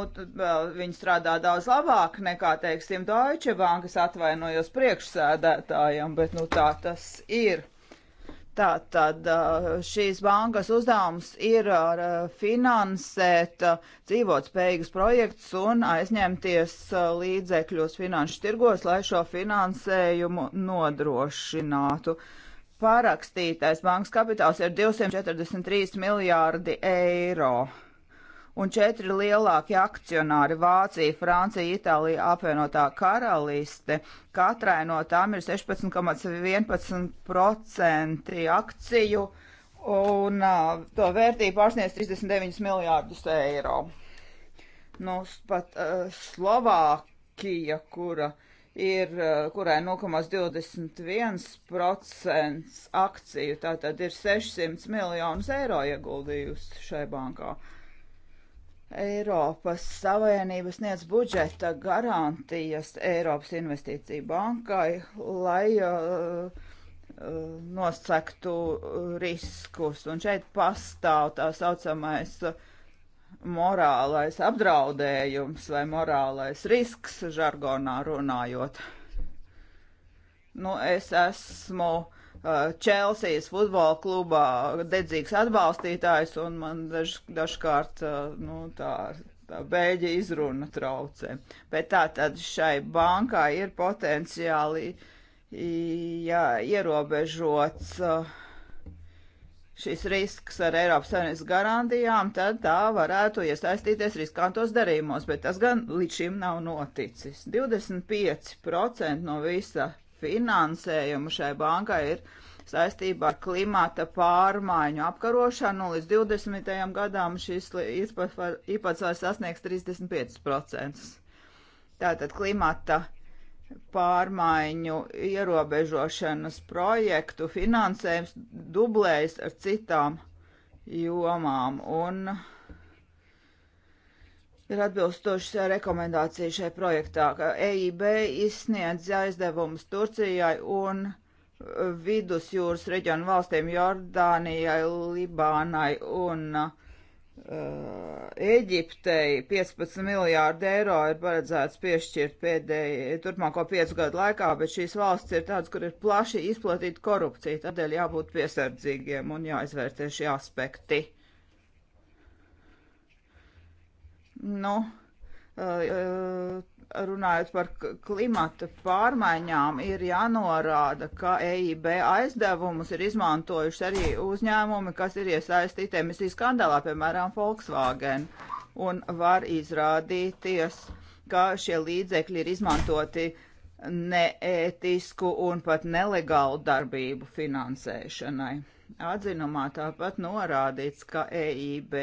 viņi strādā daudz labāk nekā, teiksim, Deutsche Bank, es atvainojos priekšsēdētājiem, bet nu tā tas ir. Tā tad šīs bankas uzdevums ir finansēt dzīvotspējīgus projektus un aizņemties līdzekļos finanšu tirgos, lai šo finansējumu nodrošinātu. Uh, parakstītais bankas kapitāls ir 243 miljārdi eiro. Un četri lielākie akcionāri - Vācija, Francija, Itālija, apvienotā karaliste - katrai no tām ir 16,11% akciju, un uh, to vērtība pārsniedz 39 miljārdus eiro. Nu, pat uh, Slovākija, kura uh, ir, eh, kurai 0,21% akciju, tātad ir 600 miljonus eiro ieguldījusi šai bankā. Eiropas Savienības sniedz budžeta garantijas Eiropas Investīcija bankai, lai uh, eh, eh, nosektu riskus. Un šeit pastāv tā saucamais uh, morālais apdraudējums vai morālais risks, žargonā runājot. Nu, es esmu Čelsijas uh, futbola klubā dedzīgs atbalstītājs, un man daž, dažkārt uh, nu, tā tā bēļa izruna traucē. Bet tā tad šai bankai ir potenciāli jā, ierobežots uh, šis risks ar Eiropas Savienības garantijām, tad tā varētu iesaistīties riskantos darījumos, bet tas gan līdz šim nav noticis. 25% no visa finansējuma šai bankai ir saistībā ar klimata pārmaiņu apkarošanu, un līdz 20. gadām šis īpatsvars sasniegs 35%. Tātad klimata pārmaiņu pārmaiņu ierobežošanas projektu finansējums dublējas ar citām jomām un ir atbilstoši rekomendācija šai projektā, ka EIB izsniedz aizdevumus Turcijai un Vidusjūras reģionu valstīm Jordānijai, Libānai un uh, Ēģiptei eh, 15 miljārdi eiro ir paredzēts piešķirt pēdējo turpmāko piecu gadu laikā, bet šīs valsts ir tādas, kur ir plaši izplatīta korupcija, tādēļ jābūt piesardzīgiem un jāizvērtē šie aspekti. Nu, eh, eh, runājot par klimata pārmaiņām, ir jānorāda, ka EIB aizdevumus ir izmantojuši arī uzņēmumi, kas ir iesaistīti emisiju skandalā, piemēram, Volkswagen, un var izrādīties, ka šie līdzekļi ir izmantoti neētisku un pat nelegālu darbību finansēšanai. Atzinumā tāpat norādīts, ka EIB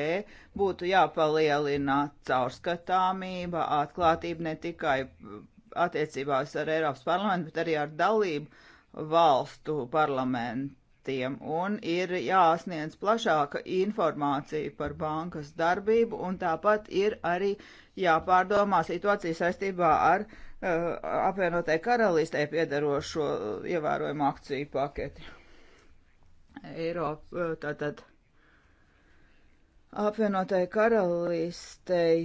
būtu jāpalielina caurskatāmība, atklātība ne tikai attiecībās ar Eiropas parlamentu, bet arī ar dalību valstu parlamentiem. Un ir jāsniedz plašāka informācija par bankas darbību, un tāpat ir arī jāpārdomā situācija saistībā ar uh, apvienotai karalistē piedarošo uh, ievērojumu akciju paketi. Eiropa, eh, tātad apvienotai karalistei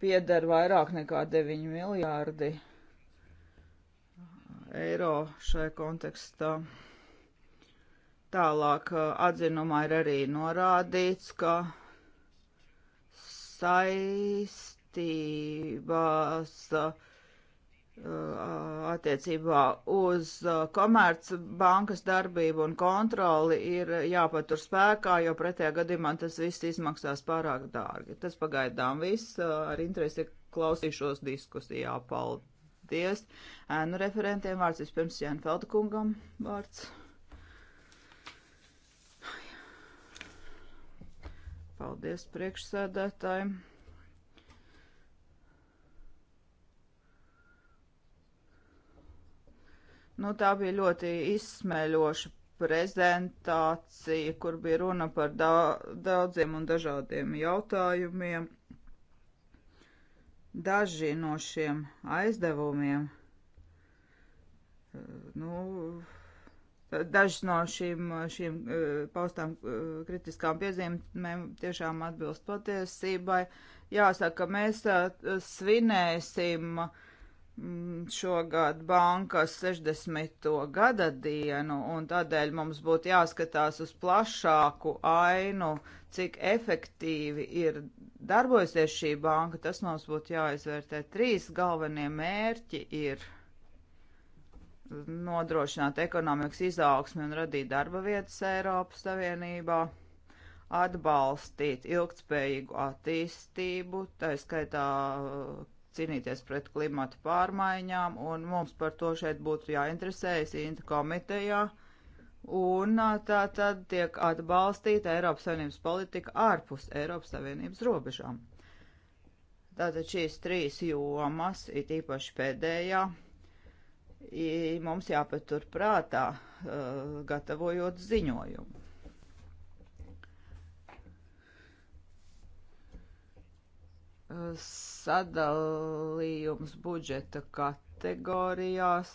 pieder vairāk nekā 9 miljārdi eiro šai kontekstā. Tālāk eh, atzinumā ir arī norādīts, ka saistības uh, Uh, attiecībā uz uh, Komercbankas darbību un kontroli ir jāpatur spēkā, jo pretējā gadījumā tas viss izmaksās pārāk dārgi. Tas pagaidām viss. Uh, ar interesi klausīšos diskusijā. Paldies! Ēnu referentiem vārds vispirms Jēnfelda kungam vārds. Paldies priekšsēdētājiem! Nu, tā bija ļoti izsmeļoša prezentācija, kur bija runa par daudziem un dažādiem jautājumiem. Daži no šiem aizdevumiem, nu, dažas no šīm, šīm e, paustām e, kritiskām piezīmēm tiešām atbilst patiesībai. Jāsaka, mēs e, svinēsim uh, Mm, šogad bankas 60. gada dienu, un tādēļ mums būtu jāskatās uz plašāku ainu, cik efektīvi ir darbojusies šī banka. Tas mums būtu jāizvērtē. Trīs galvenie mērķi ir nodrošināt ekonomikas izaugsmi un radīt darba vietas Eiropas Savienībā atbalstīt ilgtspējīgu attīstību, tā skaitā cīnīties pret klimatu pārmaiņām, un mums par to šeit būtu jāinteresējas Inta komitejā. Un tā tad tiek atbalstīta Eiropas Savienības politika ārpus Eiropas Savienības robežām. Tātad šīs trīs jomas, it īpaši pēdējā, mums jāpatur prātā, gatavojot ziņojumu. sadalījums budžeta kategorijās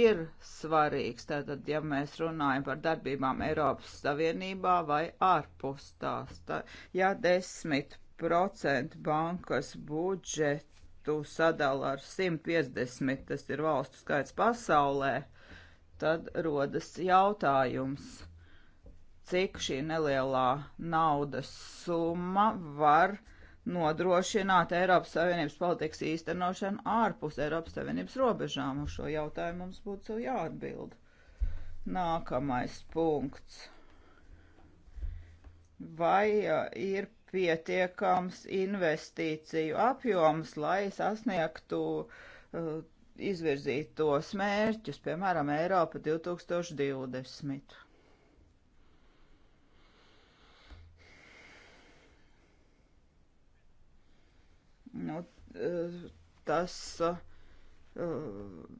ir svarīgs. Tātad, ja mēs runājam par darbībām Eiropas Savienībā vai ārpus tās, tā, ja 10% bankas budžetu sadala ar 150, tas ir valstu skaits pasaulē, tad rodas jautājums cik šī nelielā naudas summa var uh, nodrošināt Eiropas Savienības politikas īstenošanu ārpus Eiropas Savienības robežām. Uz šo jautājumu mums būtu jāatbild. Nākamais punkts. Vai ir pietiekams investīciju apjoms, lai sasniegtu uh, izvirzītos mērķus, piemēram, Eiropa 2020? Nu, eh, tas eh,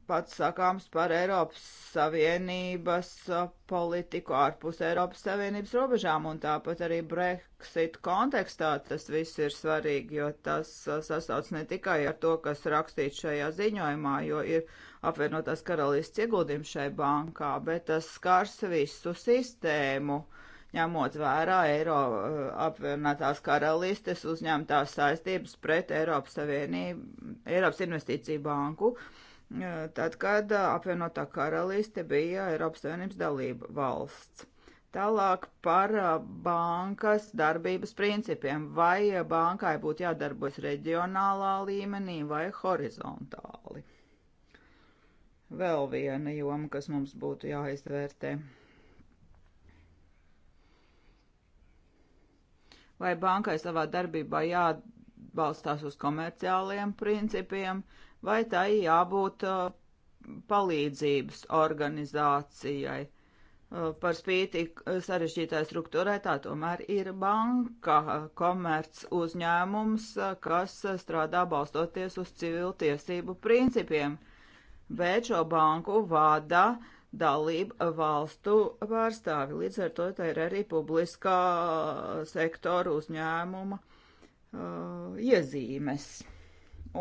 pats sakāms par Eiropas Savienības eh, politiku ārpus Eiropas Savienības robežām, un tāpat arī Brexit kontekstā tas viss ir svarīgi, jo tas sasauc ne tikai ar to, kas rakstīts šajā ziņojumā, jo ir apvienotās karalists ieguldījums šai bankā, bet tas skars visu sistēmu. Uh, ņemot vērā Eiro eh, apvienotās karalistes uzņemtās saistības pret Eiropas Savienību, Eiropas Investīciju banku, eh, tad, kad eh, apvienotā karaliste bija Eiropas Savienības dalība valsts. Tālāk par bankas darbības principiem. Vai bankai būtu jādarbojas reģionālā līmenī vai horizontāli? Vēl viena joma, kas mums būtu jāizvērtē. vai bankai savā darbībā jābalstās uz komerciāliem principiem, vai tai jābūt uh, palīdzības organizācijai. Uh, par spīti uh, sarežģītāji struktūrai tā tomēr ir banka uh, komerc uzņēmums, uh, kas strādā balstoties uz civiltiesību principiem, bet šo banku vada uh, dalību valstu pārstāvi. Līdz ar to tā ir arī publiskā sektora uzņēmuma uh, iezīmes.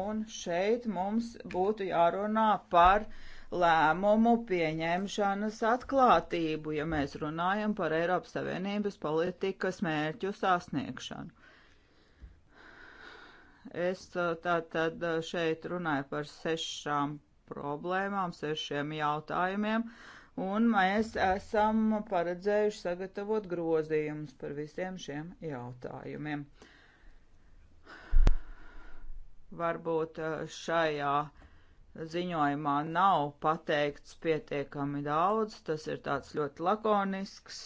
Un šeit mums būtu jārunā par lēmumu pieņemšanas atklātību, ja mēs runājam par Eiropas Savienības politikas mērķu sasniegšanu. Es uh, tātad uh, šeit runāju par sešām problēmām, sešiem jautājumiem, un mēs esam paredzējuši sagatavot grozījumus par visiem šiem jautājumiem. Varbūt eh, šajā ziņojumā nav pateikts pietiekami daudz, tas ir tāds ļoti lakonisks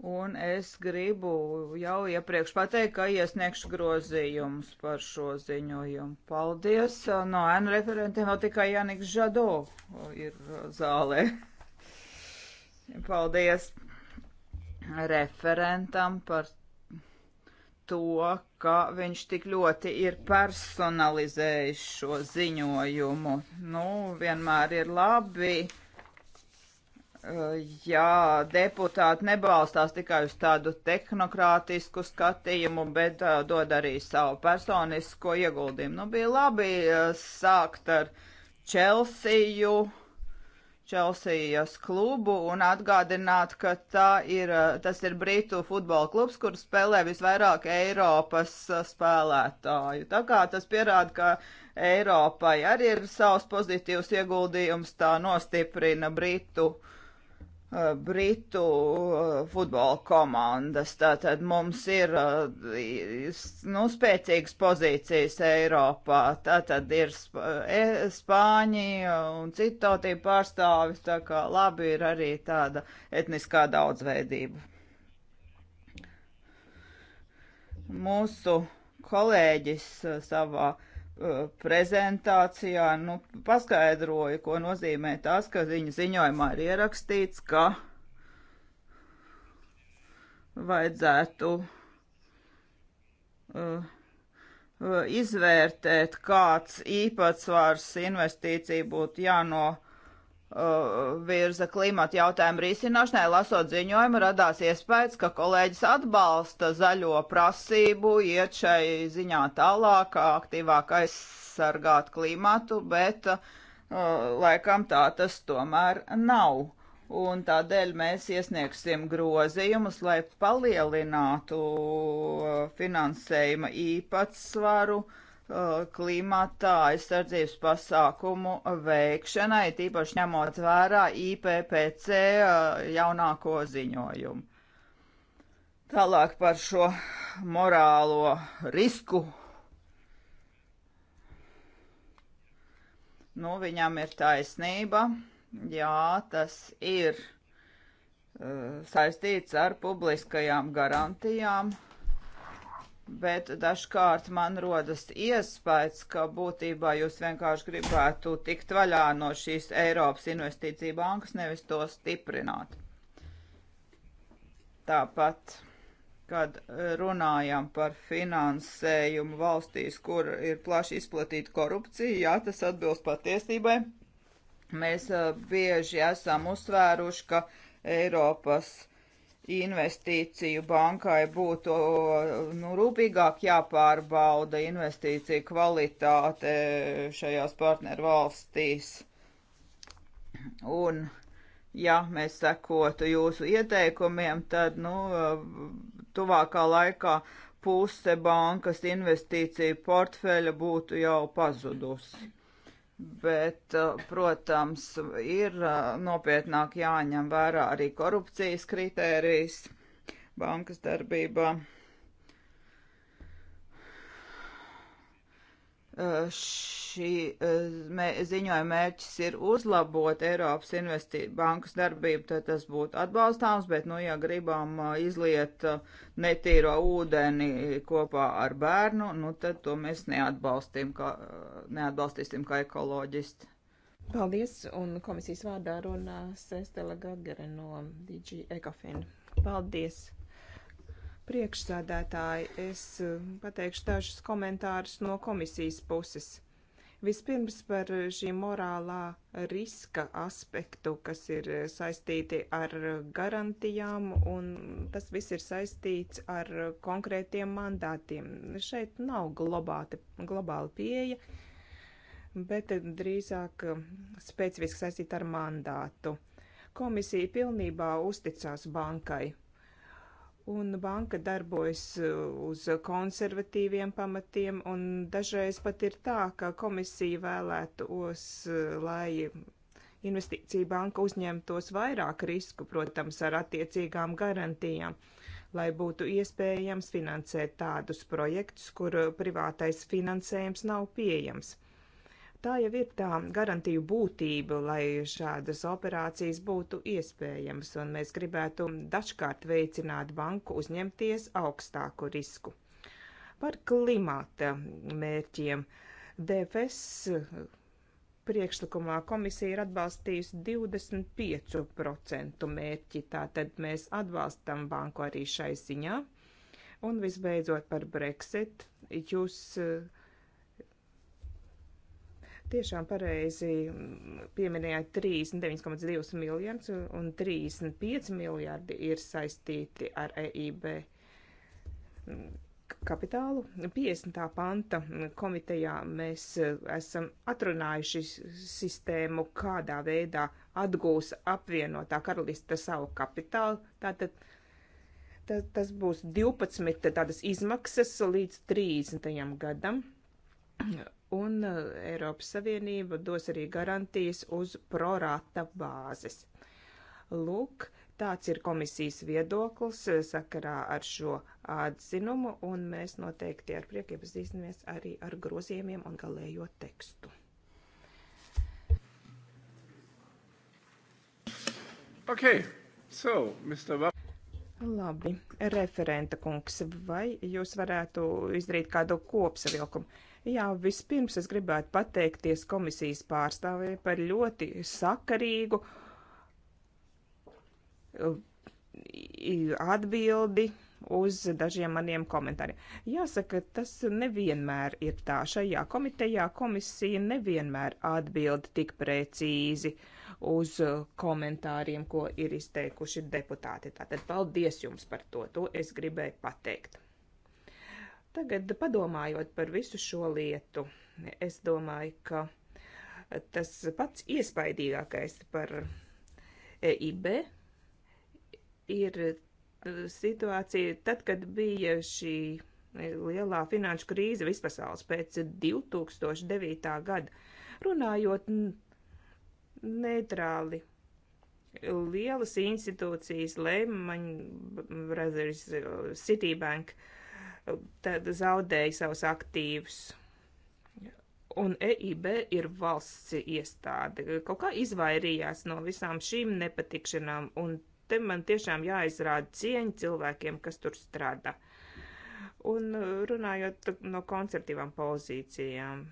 Un es gribu jau iepriekš pateikt, ka iesniegšu grozījumus par šo ziņojumu. Paldies! Uh, no ēnu referentiem vēl tikai Janiks Žado uh, ir uh, zālē. Paldies referentam par to, ka viņš tik ļoti ir personalizējis šo ziņojumu. Nu, vienmēr ir labi Jā, deputāti nebalstās tikai uz tādu tehnokrātisku skatījumu, bet uh, dod arī savu personisko ieguldījumu. Nu, bija labi uh, sākt ar Čelsiju, Čelsijas klubu un atgādināt, ka tā ir, uh, tas ir Britu futbola klubs, kur spēlē visvairāk Eiropas spēlētāju. Tā kā tas pierāda, ka Eiropai arī ir savs pozitīvs ieguldījums, tā nostiprina Britu futbola Uh, britu uh, futbola komandas. Tātad mums ir uh, nu, spēcīgas pozīcijas Eiropā. Tātad ir e, Spāņi un citu tautību pārstāvis, tā kā labi ir arī tāda etniskā daudzveidība. Mūsu kolēģis savā uh, Uh, prezentācijā nu, paskaidroju, ko nozīmē tas, ka viņa ziņojumā ir ierakstīts, ka vajadzētu uh, uh izvērtēt, kāds īpatsvars investīcija būtu jāno Uh, virza klimata jautājumu risināšanai, lasot ziņojumu, radās iespējas, ka kolēģis atbalsta zaļo prasību, iet šai ziņā tālāk, aktīvāk aizsargāt klimatu, bet uh, laikam tā tas tomēr nav. Un tādēļ mēs iesniegsim grozījumus, lai palielinātu uh, finansējuma īpatsvaru uh, Uh, klimata aizsardzības pasākumu veikšanai, tīpaši ņemot vērā IPPC uh, jaunāko ziņojumu. Tālāk par šo morālo risku. Nu, viņam ir taisnība. Jā, tas ir uh, saistīts ar publiskajām garantijām. Uh, bet dažkārt man rodas iespējas, ka būtībā jūs vienkārši gribētu tikt vaļā no šīs Eiropas investīcija bankas, nevis to stiprināt. Tāpat, kad runājam par finansējumu valstīs, kur ir plaši izplatīta korupcija, jā, tas atbilst patiesībai. Mēs bieži esam uzsvēruši, ka Eiropas uh, investīciju bankai būtu nu, rūpīgāk jāpārbauda investīciju kvalitāte šajās partneru valstīs. Un, ja mēs sekotu jūsu ieteikumiem, tad nu, tuvākā laikā puse bankas investīciju portfeļa būtu jau pazudusi. Bet, uh, protams, ir uh, nopietnāk jāņem vērā arī korupcijas kritērijas bankas darbībā. Uh, š šī eh, mē, ziņojuma mērķis ir uzlabot Eiropas investīciju bankas darbību, tad tas būtu atbalstāms, bet, nu, ja gribam eh, izliet eh, netīro ūdeni kopā ar bērnu, nu, tad to mēs neatbalstīsim kā, neatbalstīsim kā ekoloģisti. Paldies, un komisijas vārdā runā Sestela Gagere no DG Ecofin. Paldies! priekšsēdētāji, es pateikšu dažus komentārus no komisijas puses. Vispirms par eh, šī morālā riska aspektu, kas ir eh, saistīti ar garantijām, un tas viss ir saistīts ar konkrētiem mandātiem. Šeit nav globāti, globāla pieeja, bet drīzāk eh, specifiski saistīta ar mandātu. Komisija pilnībā uzticās bankai Un banka darbojas uh, uz konservatīviem pamatiem, un dažreiz pat ir tā, ka komisija vēlētos, uh, lai investīcija banka uzņemtos vairāk risku, protams, ar attiecīgām garantijām, lai būtu iespējams finansēt tādus projektus, kur privātais finansējums nav pieejams. Tā jau ir tā garantiju būtība, lai šādas operācijas būtu iespējamas, un mēs gribētu dažkārt veicināt banku uzņemties augstāku risku. Par klimata mērķiem DFS priekšlikumā komisija ir atbalstījusi 25% mērķi, tātad mēs atbalstam banku arī šai ziņā. Un visbeidzot par Brexit, jūs uh, Tiešām pareizi mm, pieminējāt 39,2 miljardus un 35 miljardi ir saistīti ar EIB mm, kapitālu. 50. panta mm, komitejā mēs eh, esam atrunājuši sistēmu, kādā veidā atgūs apvienotā karalista savu kapitālu. Tātad tas, tas būs 12 tādas izmaksas līdz 30. gadam un uh, Eiropas Savienība dos arī garantijas uz prorata bāzes. Lūk, tāds ir komisijas viedoklis uh, sakarā ar šo atzinumu, un mēs noteikti ar prieku iepazīstamies arī ar grozījumiem un galējo tekstu. Okay, so, Mr. Vap Labi, referenta kungs, vai jūs varētu izdarīt kādu kopsavilkumu? Jā, vispirms es gribētu pateikties komisijas pārstāvē par ļoti sakarīgu atbildi uz dažiem maniem komentāriem. Jāsaka, tas nevienmēr ir tā. Šajā komitejā komisija nevienmēr atbild tik precīzi uz komentāriem, ko ir izteikuši deputāti. Tātad paldies jums par to. To es gribēju pateikt. Tagad padomājot par visu šo lietu, es domāju, ka tas pats iespaidīgākais par EIB ir situācija tad, kad bija šī lielā finanšu krīze vispasaules pēc 2009. gada. Runājot neitrāli, lielas institūcijas, Lehman Brothers, Citibank, uh, tad zaudēja savus aktīvus. Un EIB ir valsts iestāde. Kaut kā izvairījās no visām šīm nepatikšanām, un te man tiešām jāizrāda cieņa cilvēkiem, kas tur strādā. Un uh, runājot no koncertīvām pozīcijām,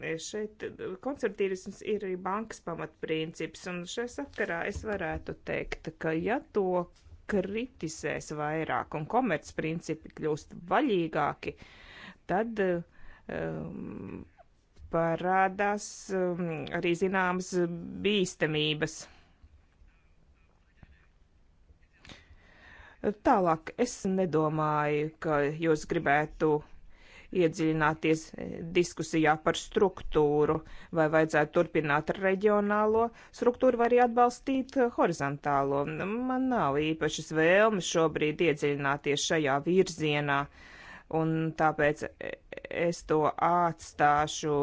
e, šeit uh, koncertīrisms ir arī bankas pamatprincips, un šajā sakarā es varētu teikt, ka ja to kritizēs vairāk un komercprincipi kļūst vaļīgāki, tad um, parādās um, arī zināmas bīstamības. Tālāk es nedomāju, ka jūs gribētu uh, iedziļināties e, diskusijā par struktūru, vai vajadzētu turpināt reģionālo struktūru, vai arī atbalstīt e, horizontālo. Man nav īpašas vēlmes šobrīd iedziļināties šajā virzienā, un tāpēc e, es to atstāšu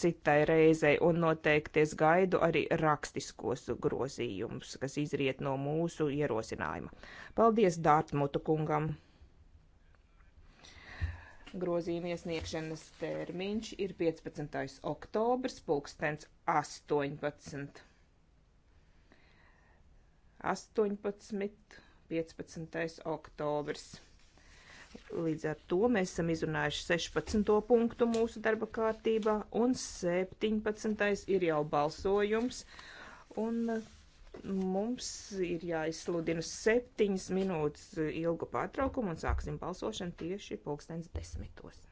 citai reizei, un noteikti es gaidu arī rakstiskos grozījumus, kas izriet no mūsu ierosinājuma. Paldies Dārtmutu kungam! Grozījuma iesniegšanas termiņš ir 15. oktobrs, pulkstens 18. 18. 15. oktobrs. Līdz ar to mēs esam izrunājuši 16. punktu mūsu darba kārtībā, un 17. ir jau balsojums. Un Mums ir jāizsludina septiņas minūtes ilgu pārtraukumu un sāksim balsošanu tieši pulkstens desmitos.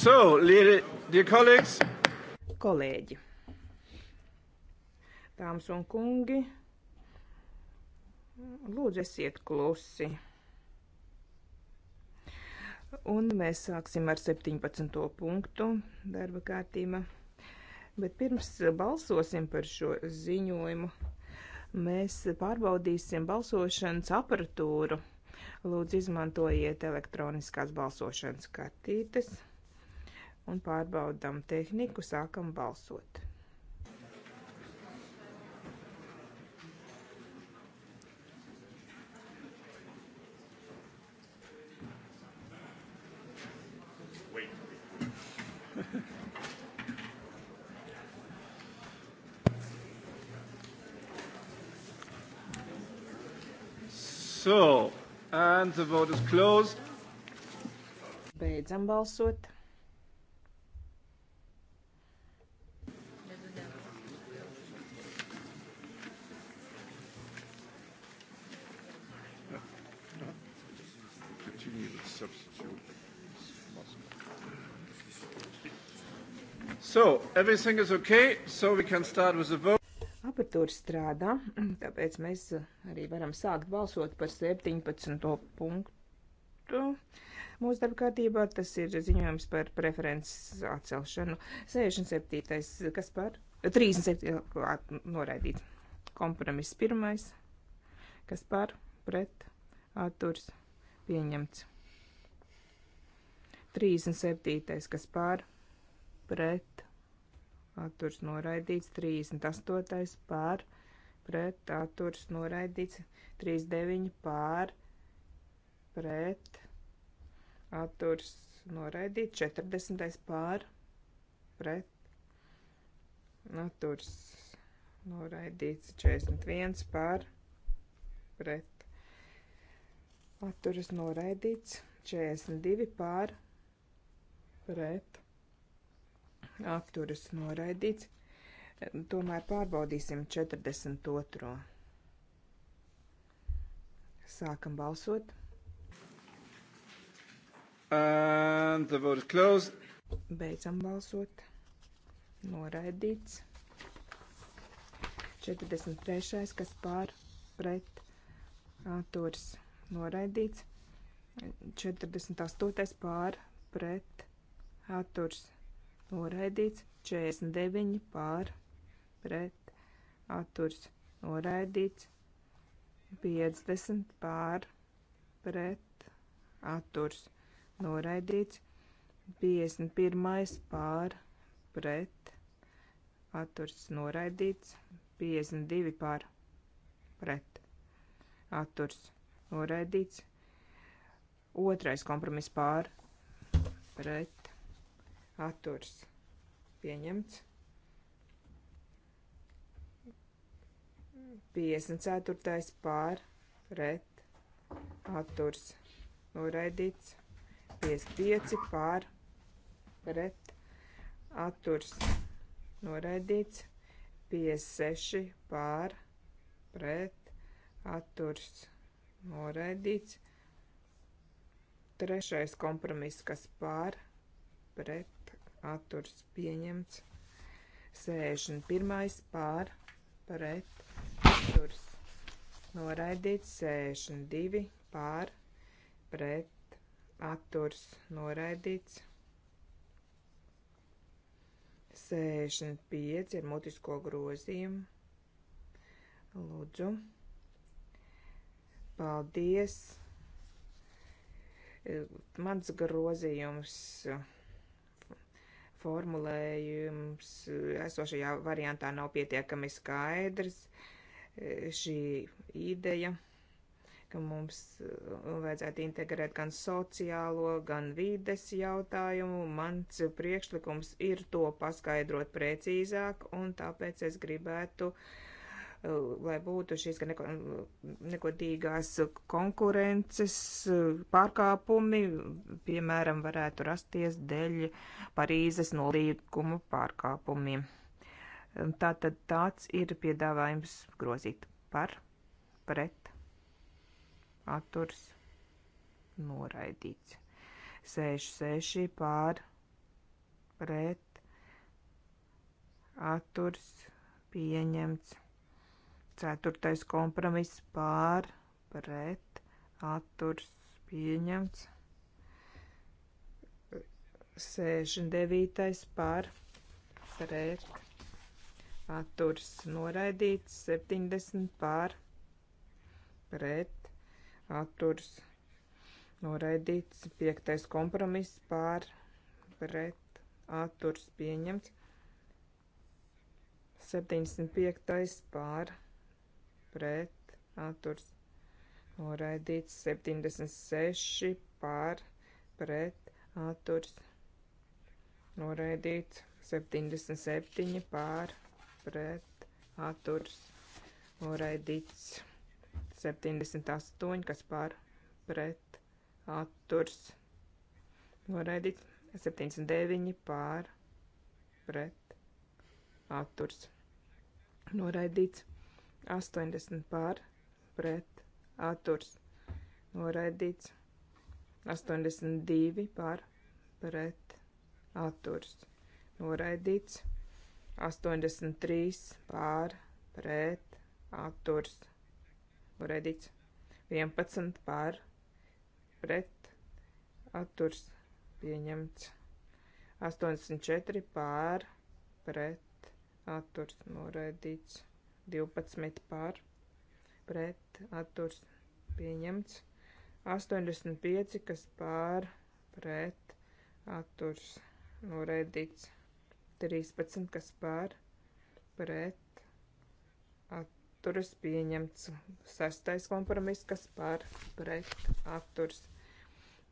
So, dear colleagues. Kolēģi, dāmas un kungi, lūdzu, esiet klusi. Un mēs sāksim ar 17. punktu darba kārtībā. Bet pirms balsosim par šo ziņojumu, mēs pārbaudīsim balsošanas aparatūru. Lūdzu, izmantojiet elektroniskās balsošanas kartītes un pārbaudam tehniku, sākam balsot. So, and the vote is closed. Beidzam balsot. So, everything is okay, so we can start with the vote. Apertūra strādā, tāpēc mēs uh, arī varam sākt balsot par 17. punktu. Mūsu darba kārtībā tas ir ziņojums par preferences atcelšanu. 67. kas par? 37. noraidīt. Kompromiss pirmais. Kas par? Pret. Atturs. Pieņemts. 37. kas par? pret atturs noraidīts, 38. pār pret atturs noraidīts, 39. pār pret atturs noraidīts, 40. pār pret atturs noraidīts, 41. pār pret atturs noraidīts, 42. pār pret atturas noraidīts. Tomēr pārbaudīsim 42. Sākam balsot. And the vote is closed. Beidzam balsot. Noraidīts. 43. kas pār pret atturs noraidīts. 48. pār pret atturs noraidīts noraidīts, 49 pār pret atturs noraidīts, 50 pār pret atturs noraidīts, 51 pār pret atturs noraidīts, 52 pār pret atturs noraidīts, otrais kompromiss pār pret atturs pieņemts. 54. pār pret atturs noraidīts. 55 pār pret atturs noraidīts. 56 pār pret atturs noraidīts. Trešais kompromiss, kas pār pret atturs pieņemts. 61. pār pret atturs noraidīts. 62. pār pret atturs noraidīts. 65 ir mutisko grozījumu. Lūdzu. Paldies. Mans grozījums formulējums esošajā variantā nav pietiekami skaidrs. Šī ideja, ka mums uh, vajadzētu integrēt gan sociālo, gan vides jautājumu, mans priekšlikums ir to paskaidrot precīzāk, un tāpēc es gribētu uh, Eh, lai būtu šīs gan negodīgās konkurences eh, pārkāpumi, piemēram, varētu rasties dēļ Parīzes nolīguma pārkāpumiem. Eh, tātad tāds ir piedāvājums grozīt par, pret, atturs, noraidīts. 6, 6 pār, pret, atturs, pieņemts. Ceturtais kompromiss pār, pret, atturs pieņemts. 69. pār, pret, atturs noraidīts. 70 pār, pret, atturs noraidīts. 5. kompromiss pār, pret, atturs pieņemts. 75. pār, pret pret atturs noraidīts 76 par pret atturs noraidīts 77 par pret atturs noraidīts 78 kas par pret atturs noraidīts 79 par pret atturs noraidīts 80 pār pret atturs noraidīts. 82 pār pret atturs noraidīts. 83 pār pret atturs noraidīts. 11 pār pret atturs pieņemts. 84 pār pret atturs noraidīts. 12 pār pret atturs pieņemts. 85, kas pār pret atturs noraidīts. 13, kas pār pret atturs pieņemts. 6. kompromiss, kas pār pret atturs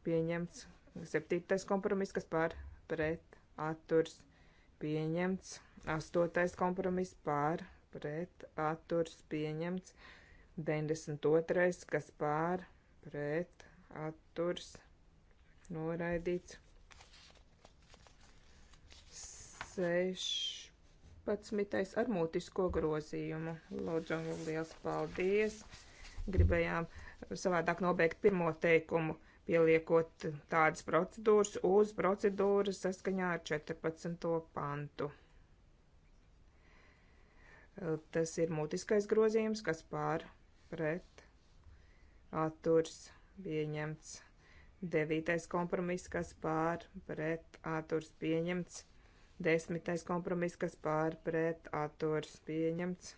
pieņemts. 7. kompromiss, kas pār pret atturs pieņemts. 8. kompromiss pār pret atturs pieņemts. 92. kas pār pret atturs noraidīts. 16. ar mutisko grozījumu. Lūdzu, liels paldies! Gribējām savādāk nobeigt pirmo teikumu pieliekot tādas procedūras uz procedūras saskaņā ar 14. pantu. Tas ir mutiskais grozījums, kas pār pret atturs pieņemts. Devītais kompromiss, kas pār pret atturs pieņemts. Desmitais kompromiss, kas pār pret atturs pieņemts.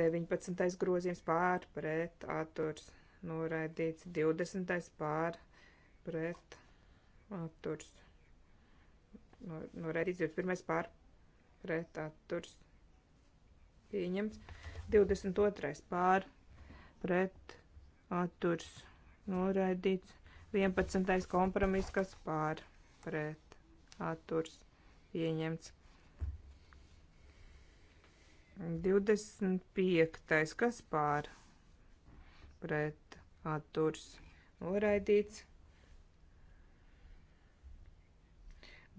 19. grozījums pār pret atturs noraidīts, 20. pār pret atturs noraidīts, 21. pār pret atturs pieņemts. 22. pār pret atturs noraidīts. 11. kompromiss, kas pār pret atturs pieņemts. 25. kas pār pret atturs noraidīts.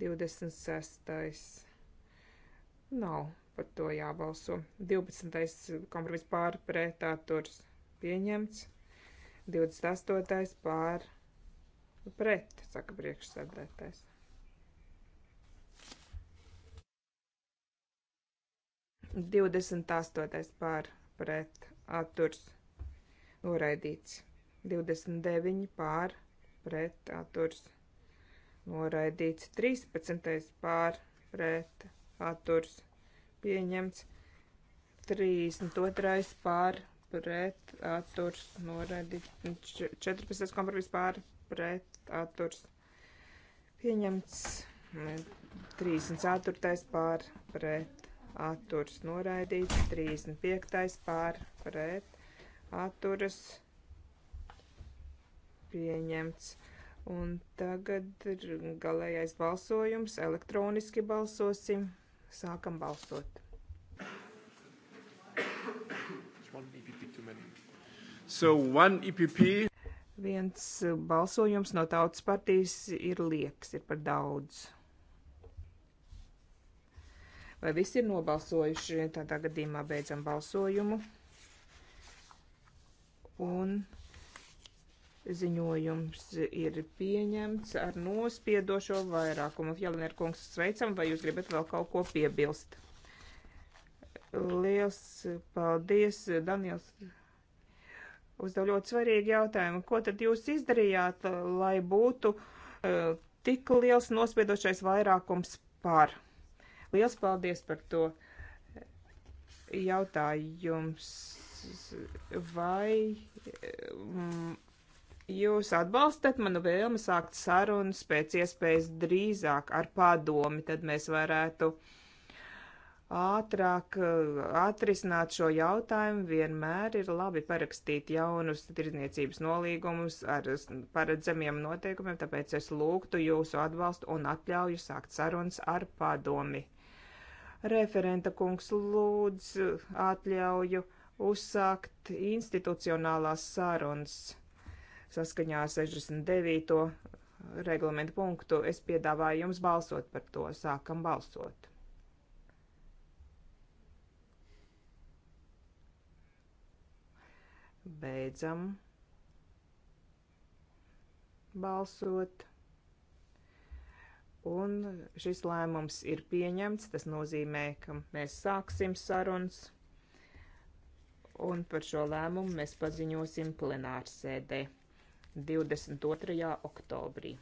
26. nav par to jābalso. 12. kompromiss pār pret atturs pieņemts. 28. pār pret, saka priekšsēdētājs. Divdesmit astotais pār pret atturs noraidīts. 29 pār pret atturs noraidīts. 13 pār pret atturs noraidīts pieņemts 32. pār pret atturs noraidīts 14. kompromiss pār pret atturs pieņemts 34. pār pret atturs noraidīts 35. pār pret atturs pieņemts. Un tagad ir galējais balsojums, elektroniski balsosim. Sākam balsot. E so one EPP. Viens uh, balsojums no tautas partijas ir liekas, ir par daudz. Vai visi ir nobalsojuši? Tādā gadījumā beidzam balsojumu. Un Ziņojums ir pieņemts ar nospiedošo vairākumu. Jelener kungs, sveicam, vai jūs gribat vēl kaut ko piebilst? Liels paldies, Daniels. Uzdev ļoti svarīgi jautājumi. Ko tad jūs izdarījāt, lai būtu uh, tik liels nospiedošais vairākums par? Liels paldies par to jautājums, vai jūs atbalstat manu vēlmi sākt sarunas pēc iespējas drīzāk ar padomi, tad mēs varētu ātrāk uh, atrisināt šo jautājumu. Vienmēr ir labi parakstīt jaunus tirdzniecības nolīgumus ar paredzamiem noteikumiem, tāpēc es lūgtu jūsu atbalstu un atļauju sākt sarunas ar padomi. Referenta kungs lūdz atļauju uzsākt institucionālās sarunas saskaņā ar 69. reglamentu punktu. Es piedāvāju jums balsot par to. Sākam balsot. Beidzam balsot. Un šis lēmums ir pieņemts. Tas nozīmē, ka mēs sāksim sarunas un par šo lēmumu mēs paziņosim plenārsēdē. 22. oktobrī.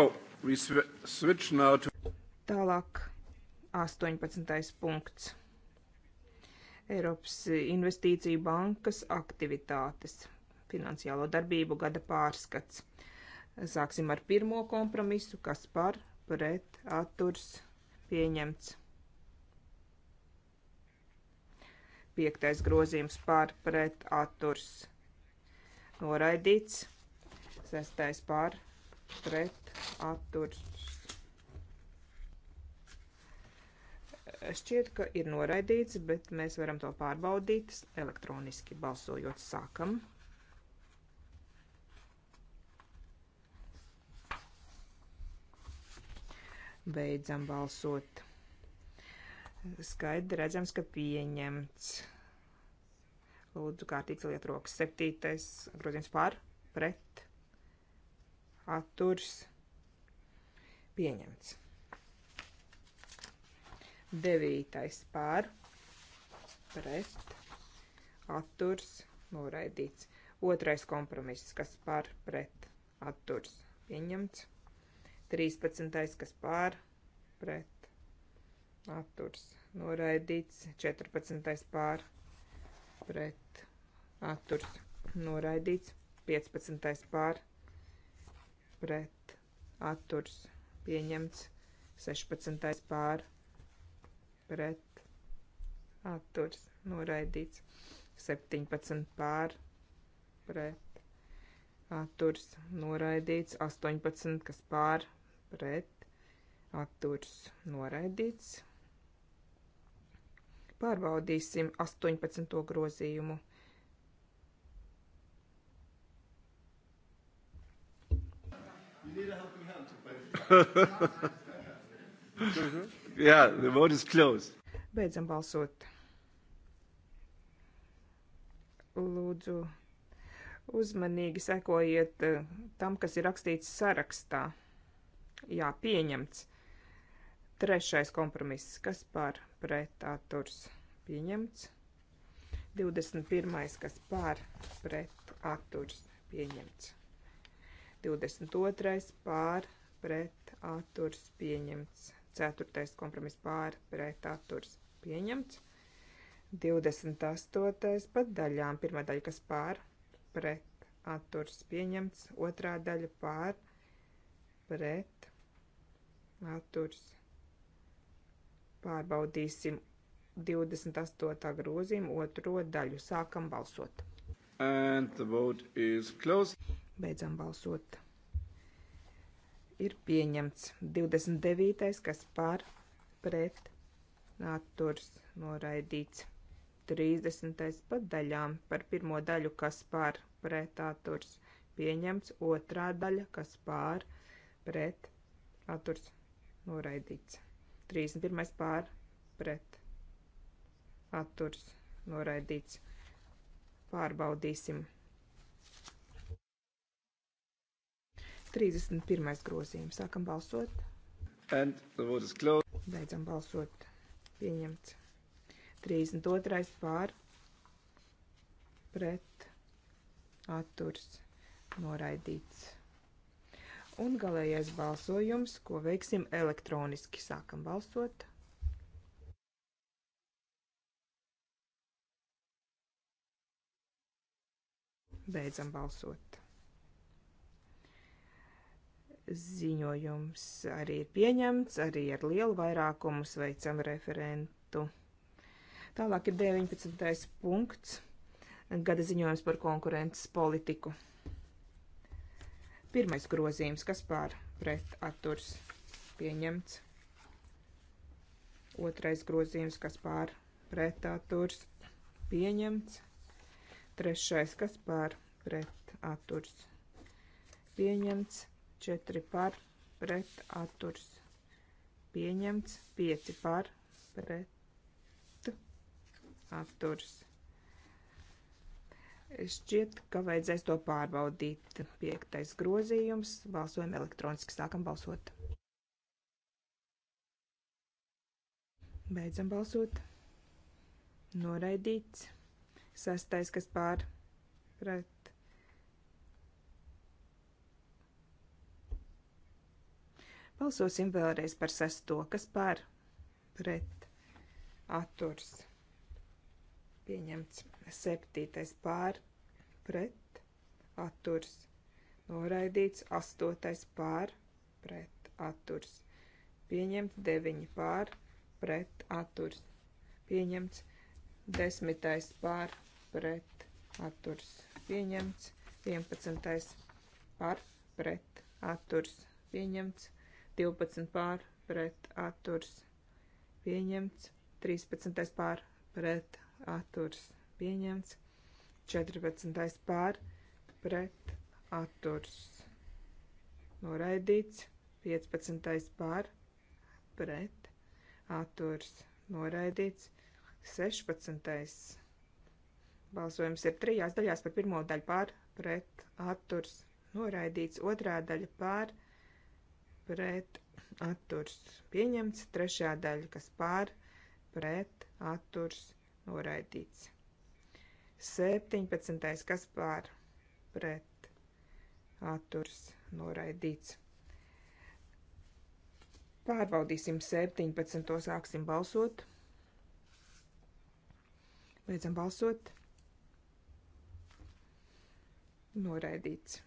Oh, to... Tālāk 18. punkts. Eiropas Investīcija bankas aktivitātes, finansiālo darbību gada pārskats. Sāksim ar pirmo kompromisu, kas par pret atturs pieņemts. Piektais grozījums pār pret atturs noraidīts. Sestais pār pret atturs. Šķiet, ka ir noraidīts, bet mēs varam to pārbaudīt elektroniski balsojot sākam. Beidzam balsot. Skaidri redzams, ka pieņemts. Lūdzu, kārtīgi liet rokas. Septītais grozījums pār, pret, atturs, pieņemts. Devītais pār, pret, atturs, noraidīts. Otrais kompromiss, kas pār, pret, atturs, pieņemts. 13. kas pār, pret, atturs noraidīts, 14. pār pret atturs noraidīts, 15. pār pret atturs pieņemts, 16. pār pret atturs noraidīts, 17. pār pret atturs noraidīts, 18. kas pār pret atturs noraidīts, Pārbaudīsim 18. grozījumu. yeah, the vote is closed. Beidzam balsot. Lūdzu, uzmanīgi sekojiet eh, tam, kas ir rakstīts sarakstā. Jā, pieņemts. Trešais kompromiss. Kas par? pret atturs pieņemts. 21. kas par pret atturs pieņemts. 22. pār pret atturs pieņemts. 4. kompromiss pār pret atturs pieņemts. 28. pat daļām. Pirmā daļa, kas pār pret atturs pieņemts. Otrā daļa pār pret atturs pieņemts. Pārbaudīsim 28. grozījumu otro daļu. Sākam balsot. And the vote is closed. Beidzam balsot. Ir pieņemts 29. kas pār pret atturs noraidīts. 30. pa daļām par pirmo daļu, kas pār pret atturs pieņemts, otrā daļa, kas pār pret atturs noraidīts. 31. pār pret atturs noraidīts. Pārbaudīsim. 31. grozījums. Sākam balsot. And the vote is closed. Beidzam balsot. Pieņemts. 32. pār pret atturs noraidīts. Un galējais balsojums, ko veiksim elektroniski. Sākam balsot. Beidzam balsot. Ziņojums arī ir pieņemts, arī ar lielu vairākumu sveicam referentu. Tālāk ir 19. punkts gada ziņojums par konkurences politiku. Pirmais grozījums, kas pār pret atturs pieņemts. Otrais grozījums, kas pār pret atturs pieņemts. Trešais, kas pār pret atturs pieņemts. Četri pār pret atturs pieņemts. Pieci pār pret atturs pieņemts atturs Šķiet, ka vajadzēs to pārbaudīt. Piektais grozījums. Balsojam elektroniski. Sākam balsot. Beidzam balsot. Noraidīts. Sastais, kas pār pret. Balsosim vēlreiz par sesto, kas pār pret atturs. Pieņemts. Septītais pār pret atturs noraidīts. Astotais pār pret atturs pieņemts. Deviņi pār pret atturs pieņemts. Desmitais pār pret atturs pieņemts. Vienpadsmitais pār pret atturs pieņemts. Divpadsmit pār pret atturs pieņemts. Trīspadsmitais pār pret atturs pieņemts pieņemts. 14. pār pret atturs noraidīts. 15. pār pret atturs noraidīts. 16. balsojums ir trijās daļās par pirmo daļu pār pret atturs noraidīts. Otrā daļa pār pret atturs pieņemts. Trešā daļa, kas pār pret atturs noraidīts. 17. kas pār pret atturs noraidīts. Pārbaudīsim 17. sāksim balsot. Beidzam balsot. Noraidīts.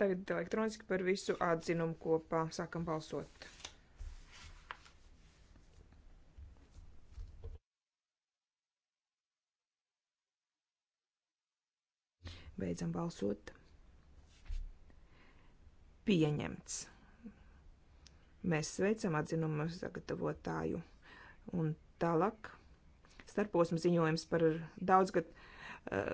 Tagad elektroniski par visu atzinumu kopā sākam balsot. Beidzam balsot. Pieņemts. Mēs sveicam atzinumu sagatavotāju. Un tālāk starposmu ziņojums par daudzgad. Eh,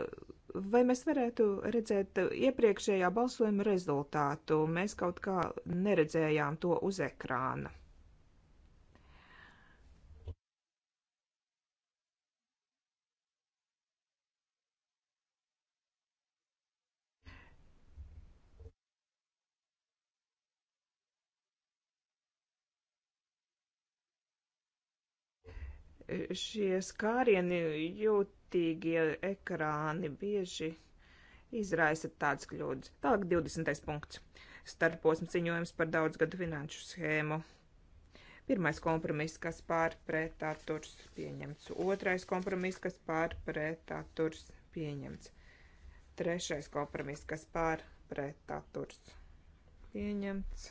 vai mēs varētu redzēt iepriekšējā balsojuma rezultātu? Mēs kaut kā neredzējām to uz ekrāna. Šie skārieni jūtīgie ekrāni bieži izraisa tādas kļūdas. Tālāk 20. punkts. Starposms ziņojums par daudzgadu finanšu schēmu. Pirmais kompromiss, kas pārpretā turs pieņemts. Otrais kompromiss, kas pārpretā turs pieņemts. Trešais kompromiss, kas pārpretā turs pieņemts.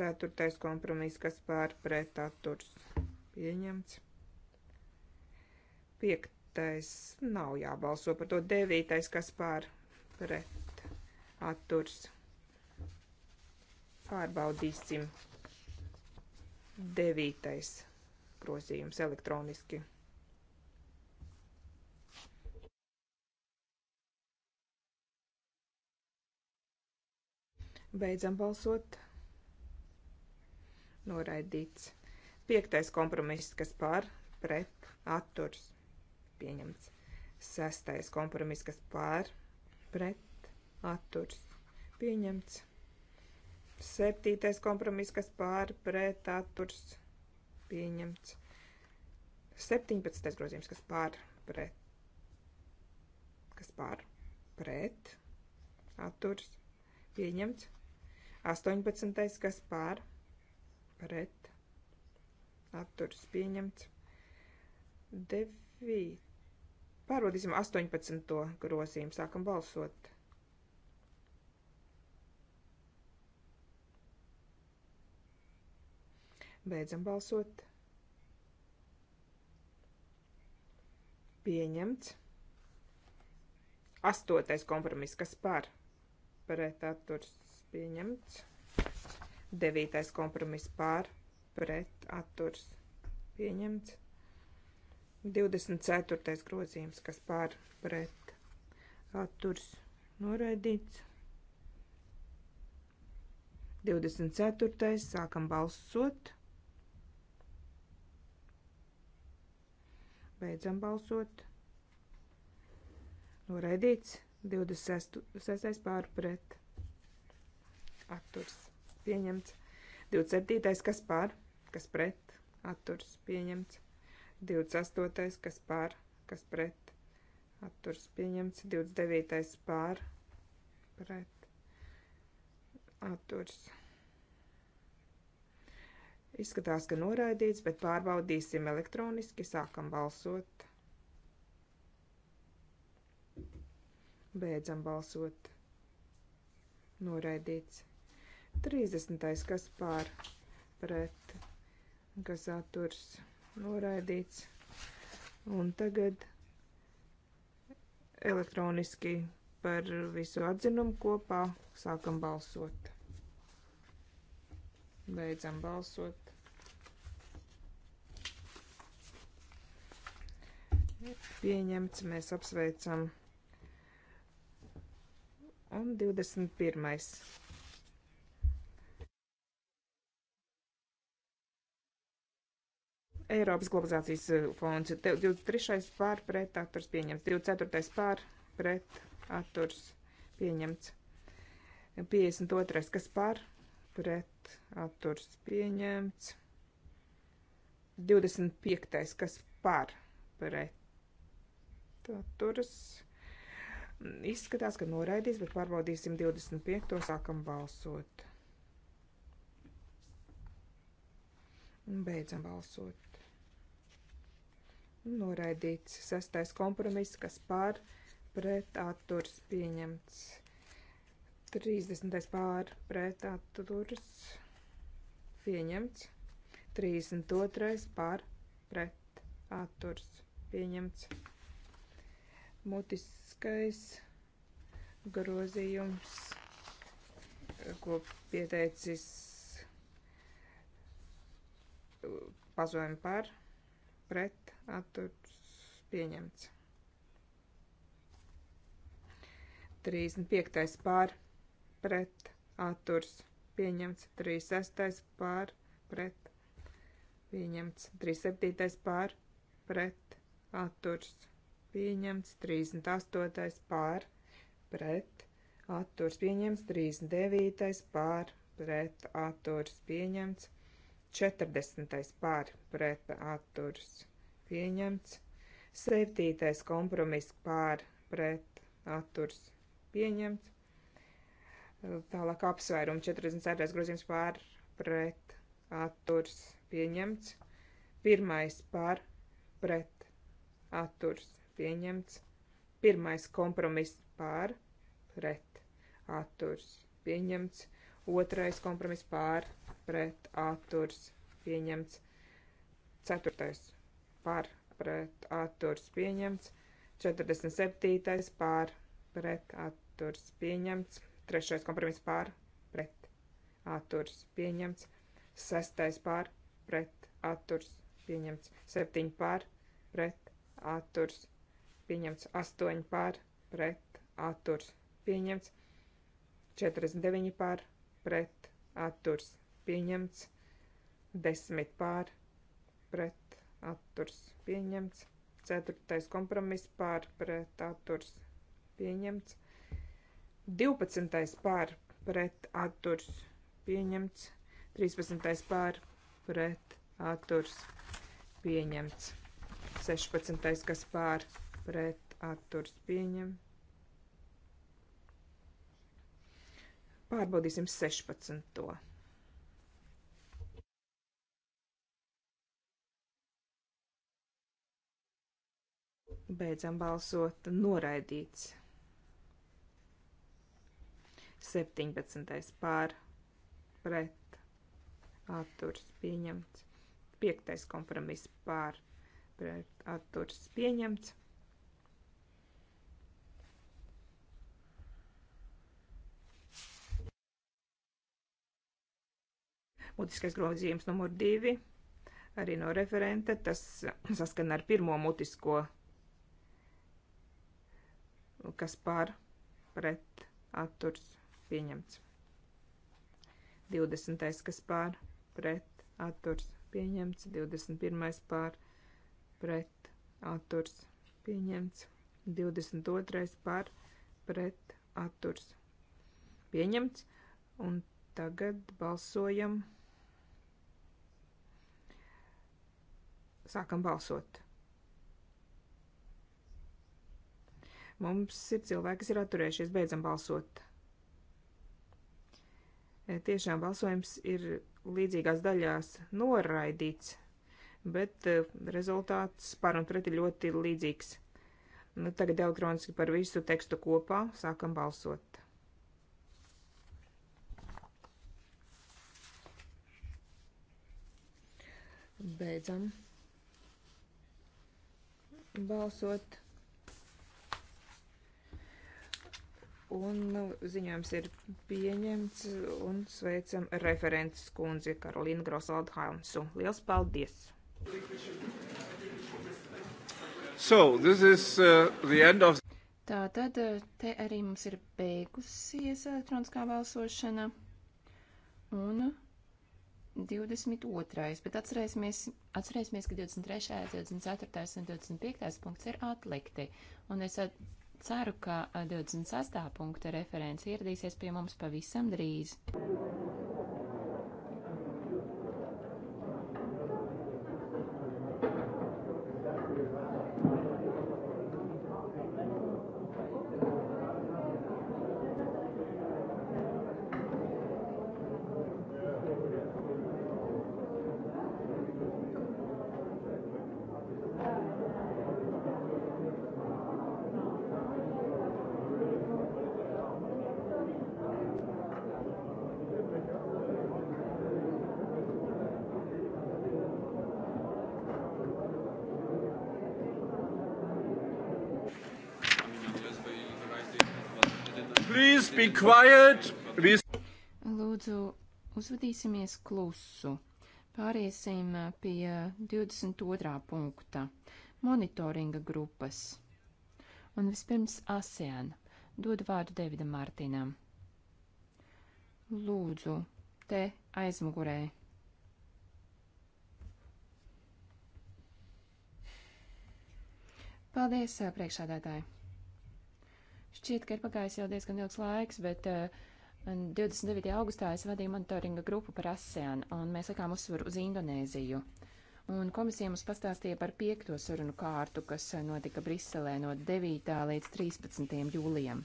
Ceturtais kompromiss, kas pārpretā turs pieņemts. Piektais nav jābalso par to. Devītais, kas pār pret atturs. Pārbaudīsim. Devītais grozījums elektroniski. Beidzam balsot. Noraidīts. Piektais kompromiss, kas pār, pret, atturs pieņemts. Sestais kompromiss, kas pār, pret, atturs, pieņemts. Septītais kompromiss, kas pār, pret, atturs, pieņemts. Septiņpadsmitais grozījums, kas pār, pret, kas pār, pret, atturs, pieņemts. Astoņpadsmitais, kas pār, pret, atturs, pieņemts. Devīt Pārbaudīsim 18. grozījumu. Sākam balsot. Beidzam balsot. Pieņemts. Astotais kompromiss, kas par pret atturs pieņemts. Devītais kompromiss par pret atturs pieņemts. 24. grozījums, kas pār pret atturs noraidīts. 24. sākam balsot. Beidzam balsot. Noraidīts. 26. 6. pār pret atturs pieņemts. 27. kas pār, kas pret atturs pieņemts. 28. kas pār, kas pret, atturs pieņemts, 29. pār, pret, atturs. Izskatās, ka noraidīts, bet pārbaudīsim elektroniski, sākam balsot. Beidzam balsot. Noraidīts. 30. kas pār, pret, kas atturs noraidīts. Un tagad elektroniski par visu atzinumu kopā sākam balsot. Beidzam balsot. Pieņemts, mēs apsveicam. Un 21. Eiropas globalizācijas eh, fonds. 23. pār pret atturs pieņemts. 24. pār pret atturs pieņemts. 52. kas pār pret atturs pieņemts. 25. kas pār pret atturs. Izskatās, ka noraidīs, bet pārbaudīsim 25. sākam balsot. Un beidzam balsot noraidīts. Sastais kompromiss, kas pār pret atturs pieņemts. 30. pār pret atturs pieņemts. 32. pār pret atturs pieņemts. Mutiskais grozījums, ko pieteicis uh, pazojumi par pret atturs pieņemts. 35. pār pret atturs pieņemts. 36. pār pret pieņemts. 37. pār pret atturs pieņemts. 38. pār pret atturs pieņemts. 39. pār pret atturs pieņemts. 40. pār pret atturs pieņemts pieņemts. Septītais kompromiss pār pret atturs pieņemts. Tālāk apsvērumu 44. grozījums pār pret atturs pieņemts. Pirmais pār pret atturs pieņemts. Pirmais kompromiss pār pret atturs pieņemts. Otrais kompromiss pār pret atturs pieņemts. Ceturtais par pret atturs pieņemts. 47. par pret atturs pieņemts. 3. kompromiss par pret atturs pieņemts. 6. par pret atturs pieņemts. 7. par pret atturs pieņemts. 8. par pret atturs pieņemts. 49 pār, pret, atturs, pieņemts, 10 pār, pret, atturs pieņemts. Ceturtais kompromiss pār pret atturs pieņemts. Divpadsmitais pār pret atturs pieņemts. Trīspadsmitais pār pret atturs pieņemts. Sešpadsmitais kas pār pret atturs pieņemts. Pārbaudīsim 16. Beidzam balsot. Noraidīts. 17. pār pret atturs pieņemts. 5. kompromiss pār pret atturs pieņemts. Mutiskais grozījums numur 2 arī no referenta. Tas saskana ar pirmo mutisko grozījumu kas par pret atturs pieņemts. 20. kas pār pret atturs pieņemts, 21. pār pret atturs pieņemts, 22. pār pret atturs pieņemts, un tagad balsojam. Sākam balsot. Mums ir cilvēki, kas ir atturējušies, beidzam balsot. E, tiešām balsojums ir līdzīgās daļās noraidīts, bet e, rezultāts par un pret ir ļoti līdzīgs. Nu, tagad elektroniski par visu tekstu kopā sākam balsot. Beidzam balsot. Un nu, ziņojums ir pieņemts un sveicam referents kundzi Karolīnu Grosvaldu Haunsu. Liels paldies! So, this is uh, the end of... Tātad uh, te arī mums ir beigusies elektroniskā balsošana un 22. Bet atcerēsimies, atcerēsimies ka 23., 24. un 25. punkts ir atlikti. Un es at Ceru, ka 26. Eh, punkta referents ieradīsies pie mums pavisam drīz. be quiet. Vis... Lūdzu, uzvedīsimies klusu. Pāriesim uh, pie 22. punkta - monitoringa grupas. Un vispirms ASEAN. Dod vārdu Davidam Mārtinam. Lūdzu, te aizmugurē. Paldies, uh, priekšādātāji! Šķiet, ka ir pagājis jau diezgan ilgs laiks, bet uh, eh, 29. augustā es vadīju monitoringa grupu par ASEAN, un mēs likām uzsvaru uz Indonēziju. Un komisija mums pastāstīja par piekto sarunu kārtu, kas notika Briselē no 9. līdz 13. jūlijam.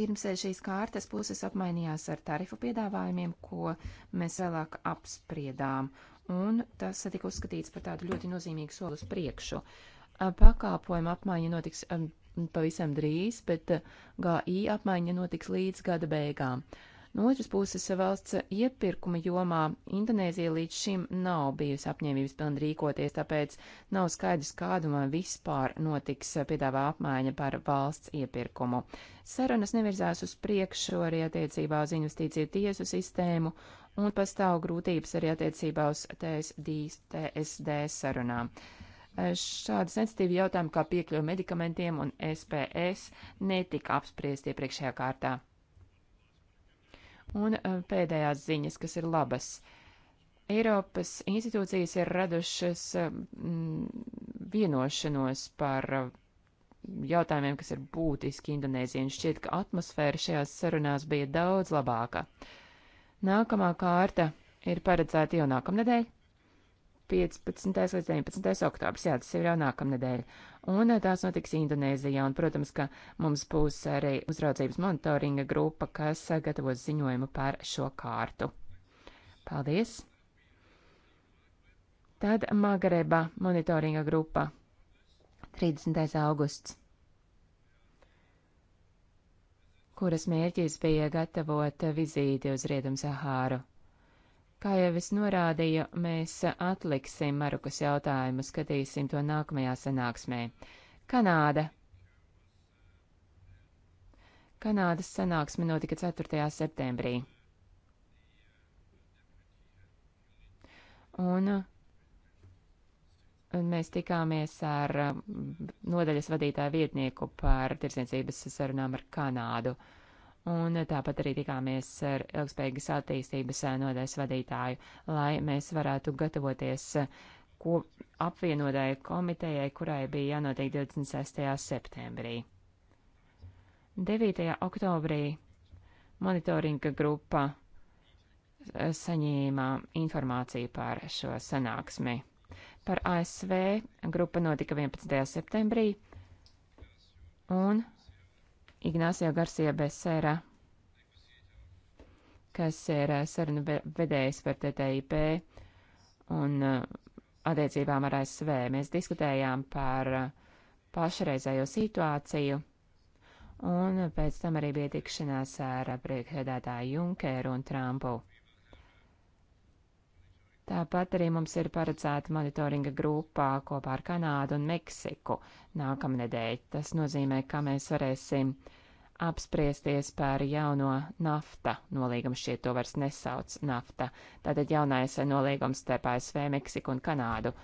Pirms eh, šīs kārtas puses apmainījās ar tarifu piedāvājumiem, ko mēs vēlāk apspriedām, un tas tika uzskatīts par tādu ļoti nozīmīgu soli uz priekšu. Pakāpojuma apmaiņa notiks pavisam drīz, bet eh, GI apmaiņa notiks līdz gada beigām. No otras puses, valsts iepirkuma jomā Indonēzija līdz šim nav bijusi apņēmības pilna rīkoties, tāpēc nav skaidrs, kādu vai vispār notiks piedāvā apmaiņa par valsts iepirkumu. Sarunas nevirzās uz priekšu arī attiecībā uz investīciju tiesu sistēmu un pastāv grūtības arī attiecībā uz TSD, TSD sarunām. Eh, šādi sensitīvi jautājumi kā piekļuva medikamentiem un SPS netika apspriesti iepriekšējā kārtā. Un eh, pēdējās ziņas, kas ir labas. Eiropas institūcijas ir radušas eh, mm, vienošanos par jautājumiem, kas ir būtiski Indonēzijai. Šķiet, ka atmosfēra šajās sarunās bija daudz labāka. Nākamā kārta ir paredzēta jau nākamnedēļ. 15. līdz 19. oktobris, jā, tas jau ir jau nākamnedēļ. Un eh, tās notiks Indonēzijā, un, protams, ka mums būs arī uzraudzības monitoringa grupa, kas eh, gatavos ziņojumu par šo kārtu. Paldies! Tad Magareba monitoringa grupa 30. augusts, kuras mērķis bija gatavot vizīti uz Rietumu Sahāru. Kā jau es norādīju, mēs atliksim Marukas jautājumu, skatīsim to nākamajā sanāksmē. Kanāda. Kanādas sanāksme notika 4. septembrī. Un mēs tikāmies ar nodaļas vadītāju vietnieku par tirsniecības sarunām ar Kanādu. Uh, un tāpat arī tikāmies ar ilgspējīgas attīstības nodaļas vadītāju, lai mēs varētu gatavoties ko apvienotai komitejai, kurai bija jānotiek 26. septembrī. 9. oktobrī monitoringa grupa saņēma informāciju par šo sanāksmi. Par ASV grupa notika 11. septembrī, un Ignācijā Garcija Besēra, kas ir eh, sarunu vedējs par TTIP un eh, attiecībām ar ASV. Mēs diskutējām par eh, pašreizējo situāciju, un pēc tam arī bija tikšanās ar priekšēdētāju Junkeru un Trumpu. Tāpat arī mums ir paredzēta monitoringa grupā kopā ar Kanādu un Meksiku nākamnedēļ. Tas nozīmē, ka mēs varēsim apspriesties par jauno nafta nolīgumu, šie to vairs nesauc nafta. Tātad jaunais nolīgums starp ASV, Meksiku un Kanādu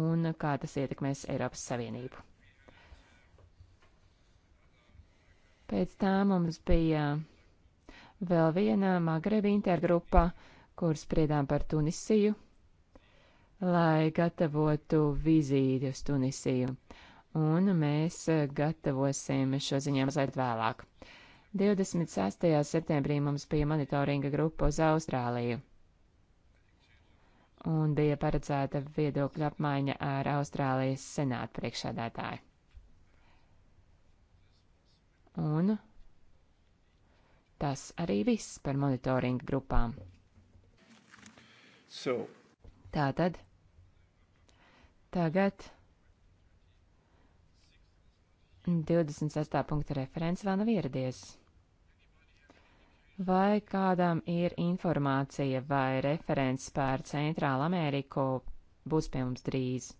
un kā tas ietekmēs Eiropas Savienību. Pēc tā mums bija vēl viena Magrebi intergrupa, kur spriedām par Tunisiju, lai gatavotu vizīti uz Tunisiju. Un mēs gatavosim šo ziņu mazliet vēlāk. 26. septembrī mums bija monitoringa grupa uz Austrāliju. Un bija paredzēta viedokļa apmaiņa ar Austrālijas senātu priekšsēdētāju. Un tas arī viss par monitoringa grupām. So, Tātad. Tagad. 26. punkta referents vēl nav ieradies. Vai kādam ir informācija vai referents par Centrālu Ameriku būs pie mums drīz?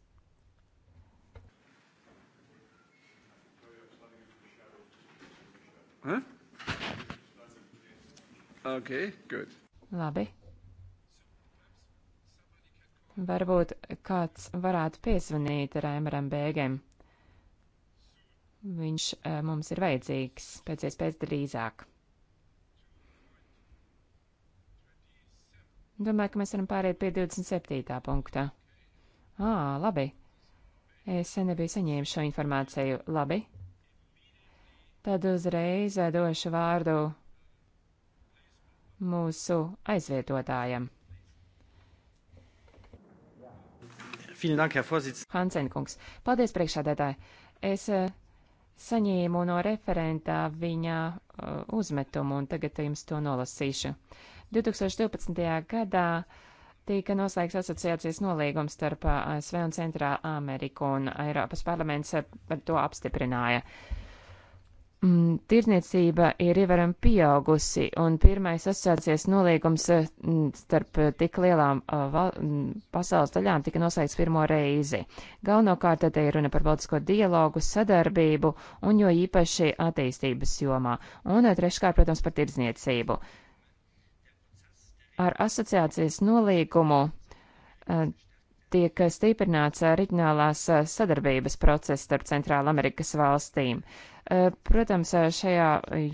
Huh? Okay, good. Labi. Varbūt kāds varētu piezvanīt Raimaram Bēgam. Viņš eh, mums ir vajadzīgs pēc iespējas drīzāk. Domāju, ka mēs varam pāriet pie 27. punktā. Ā, labi. Es nebiju saņēmis šo informāciju. Labi. Tad uzreiz došu vārdu mūsu aizvietotājam. Hansenkungs. Paldies, priekšādētāji. Es eh, saņēmu no referentā viņa eh, uzmetumu un tagad jums to nolasīšu. 2012. gadā tika noslēgts asociācijas nolīgums starp ASV eh, un Centrā Ameriku, un Eiropas parlaments par to apstiprināja. Uh, mm, tirzniecība ir ievaram pieaugusi, un pirmais asociācijas nolīgums eh, mm, starp eh, tik lielām eh, val, mm, pasaules daļām tika noslēgts pirmo reizi. Galvenokārt te ir runa par baltisko dialogu, sadarbību un jo īpaši attīstības jomā, un treškārt, protams, par tirzniecību. Ar asociācijas nolīgumu tiek stiprināts reģionālās sadarbības process starp Centrāla Amerikas valstīm. Protams, šajā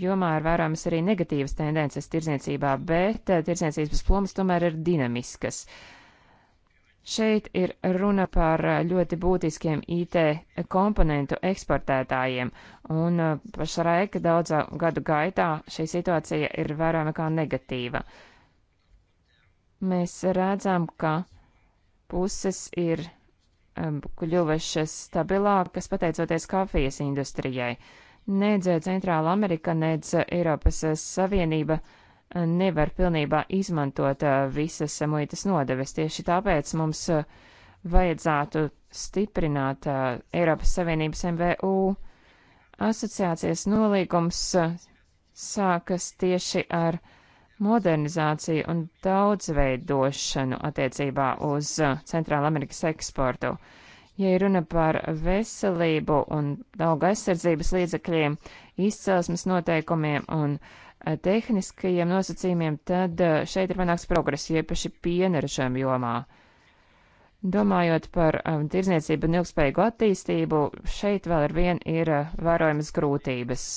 jomā ir vērojamas arī negatīvas tendences tirdzniecībā, bet tirdzniecības plomas tomēr ir dinamiskas. Šeit ir runa par ļoti būtiskiem IT komponentu eksportētājiem, un pašlaik daudzu gadu gaitā šī situācija ir vērojama kā negatīva. Mēs redzam, ka puses ir um, kļuvušas stabilākas pateicoties kafijas industrijai. Nedz Centrāla Amerika, nedz Eiropas Savienība uh, nevar pilnībā izmantot uh, visas muitas nodeves. Tieši tāpēc mums uh, vajadzētu stiprināt Eiropas Savienības MVU. Asociācijas nolīgums sākas tieši ar modernizāciju un daudzveidošanu attiecībā uz uh, Centrāla Amerikas eksportu. Ja runa par veselību un auga aizsardzības līdzekļiem, izcelsmes noteikumiem un uh, tehniskajiem nosacījumiem, tad uh, šeit ir panāks progress, iepaši pieneražam jomā. Domājot par um, tirzniecību un ilgspējīgu attīstību, šeit vēl ar vien ir uh, vērojamas grūtības.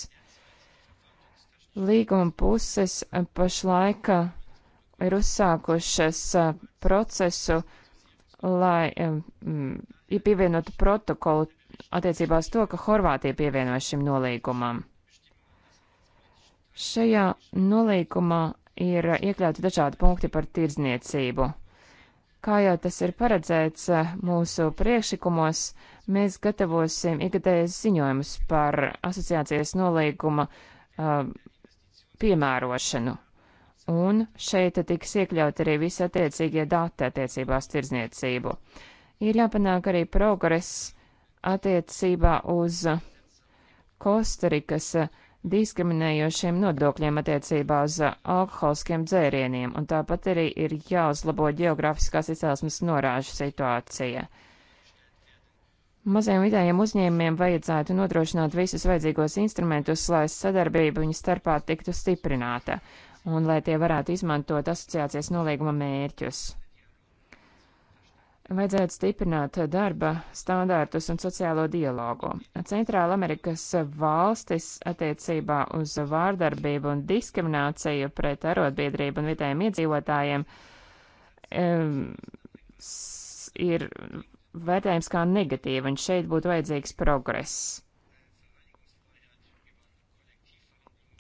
Līguma puses pašlaik ir uzsākušas procesu, lai mm, ja pievienotu protokolu attiecībā uz to, ka Horvātija pievieno šim nolīgumam. Šajā nolīgumā ir iekļauti dažādi punkti par tirdzniecību. Kā jau tas ir paredzēts mūsu priekšlikumos, mēs gatavosim ikgadējas ziņojumus par asociācijas nolīguma uh, piemērošanu. Un šeit tiks iekļaut arī visi attiecīgie dati attiecībās tirdzniecību. Ir jāpanāk arī progress attiecībā uz Kostarikas diskriminējošiem nodokļiem attiecībā uz alkoholiskiem dzērieniem, un tāpat arī ir jāuzlabo geogrāfiskās izcelsmes norāžu situācija. Mazajiem vidējiem uzņēmumiem vajadzētu nodrošināt visus vajadzīgos instrumentus, lai sadarbība viņu starpā tiktu stiprināta un lai tie varētu izmantot asociācijas nolīguma mērķus. Vajadzētu stiprināt darba standārtus un sociālo dialogu. Centrāla Amerikas valstis attiecībā uz vārdarbību un diskrimināciju pret arotbiedrību un vietējiem iedzīvotājiem um, ir vērtējums kā negatīva, un šeit būtu vajadzīgs progress.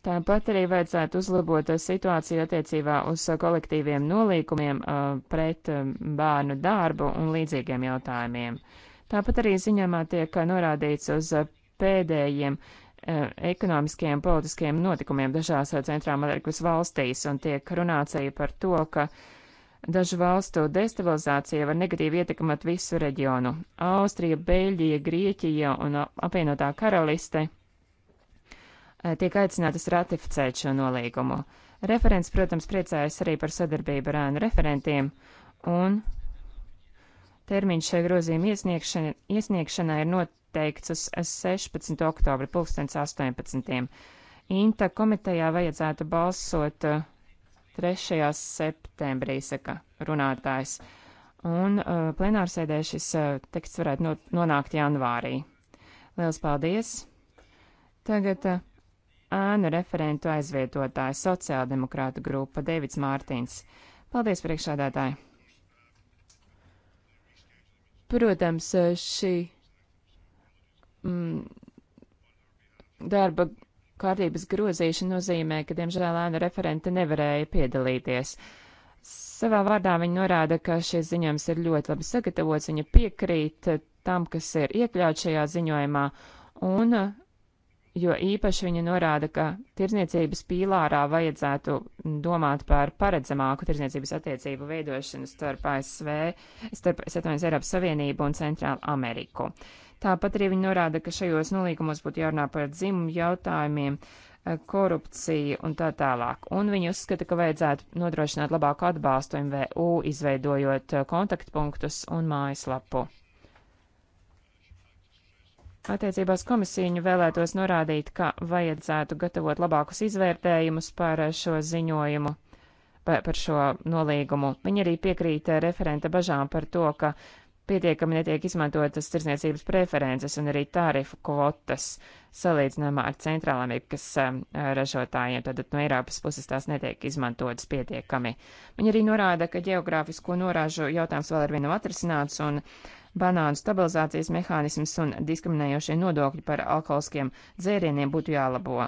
Tāpat arī vajadzētu uzlabot situāciju attiecībā uz kolektīviem nolīkumiem uh, pret um, bērnu darbu un līdzīgiem jautājumiem. Tāpat arī ziņāmā tiek norādīts uz pēdējiem uh, ekonomiskajiem politiskiem notikumiem dažās centrālamerikas valstīs, un tiek runāts arī par to, ka uh, Dažu valstu destabilizācija var negatīvi ietekmēt visu reģionu. Austrija, Beļģija, Grieķija un apvienotā karaliste e, tiek aicinātas ratificēt šo nolīgumu. Referents, protams, priecājas arī par sadarbību ar ēnu referentiem, un termiņš šai grozījuma iesniegšanai, iesniegšanai ir noteikts uz 16. oktobra 2018. Inta komitejā vajadzētu balsot uh, 3. septembrī, saka runātājs. Un uh, plenārsēdē šis uh, teksts varētu not, nonākt janvārī. Liels paldies! Tagad uh, ēnu referentu aizvietotāja sociāldemokrāta grupa Devits Mārtiņs. Paldies, priekšādātāji! Protams, uh, šī mm, darba kārtības grozīšana nozīmē, ka, diemžēl, ēnu referente nevarēja piedalīties. Savā vārdā viņa norāda, ka šis ziņojums ir ļoti labi sagatavots, viņa piekrīt tam, kas ir iekļauts šajā ziņojumā, un jo īpaši viņa norāda, ka tirzniecības pīlārā vajadzētu domāt par paredzamāku tirzniecības attiecību veidošanu starp ASV, starp Satvanas Eiropas Savienību un Centrālu Ameriku. Uh, Tāpat arī viņi norāda, ka šajos nolīgumos būtu jārunā par dzimumu jautājumiem, eh, korupciju un tā tālāk. Un viņi uzskata, ka vajadzētu nodrošināt labāku atbalstu MVU, izveidojot eh, kontaktpunktus un mājaslapu. Attiecībās komisiju vēlētos norādīt, ka vajadzētu gatavot labākus izvērtējumus par eh, šo ziņojumu, par šo nolīgumu. Viņi arī piekrīt referenta bažām par to, ka pietiekami netiek izmantotas tirsniecības preferences un arī tārifu kvotas salīdzinājumā ar centrālamerikas um, ražotājiem, tad no Eiropas puses tās netiek izmantotas pietiekami. Viņi arī norāda, ka geogrāfisko norāžu jautājums vēl ir vienu atrisināts un banānu stabilizācijas mehānisms un diskriminējošie nodokļi par alkoholiskiem dzērieniem būtu jālabo.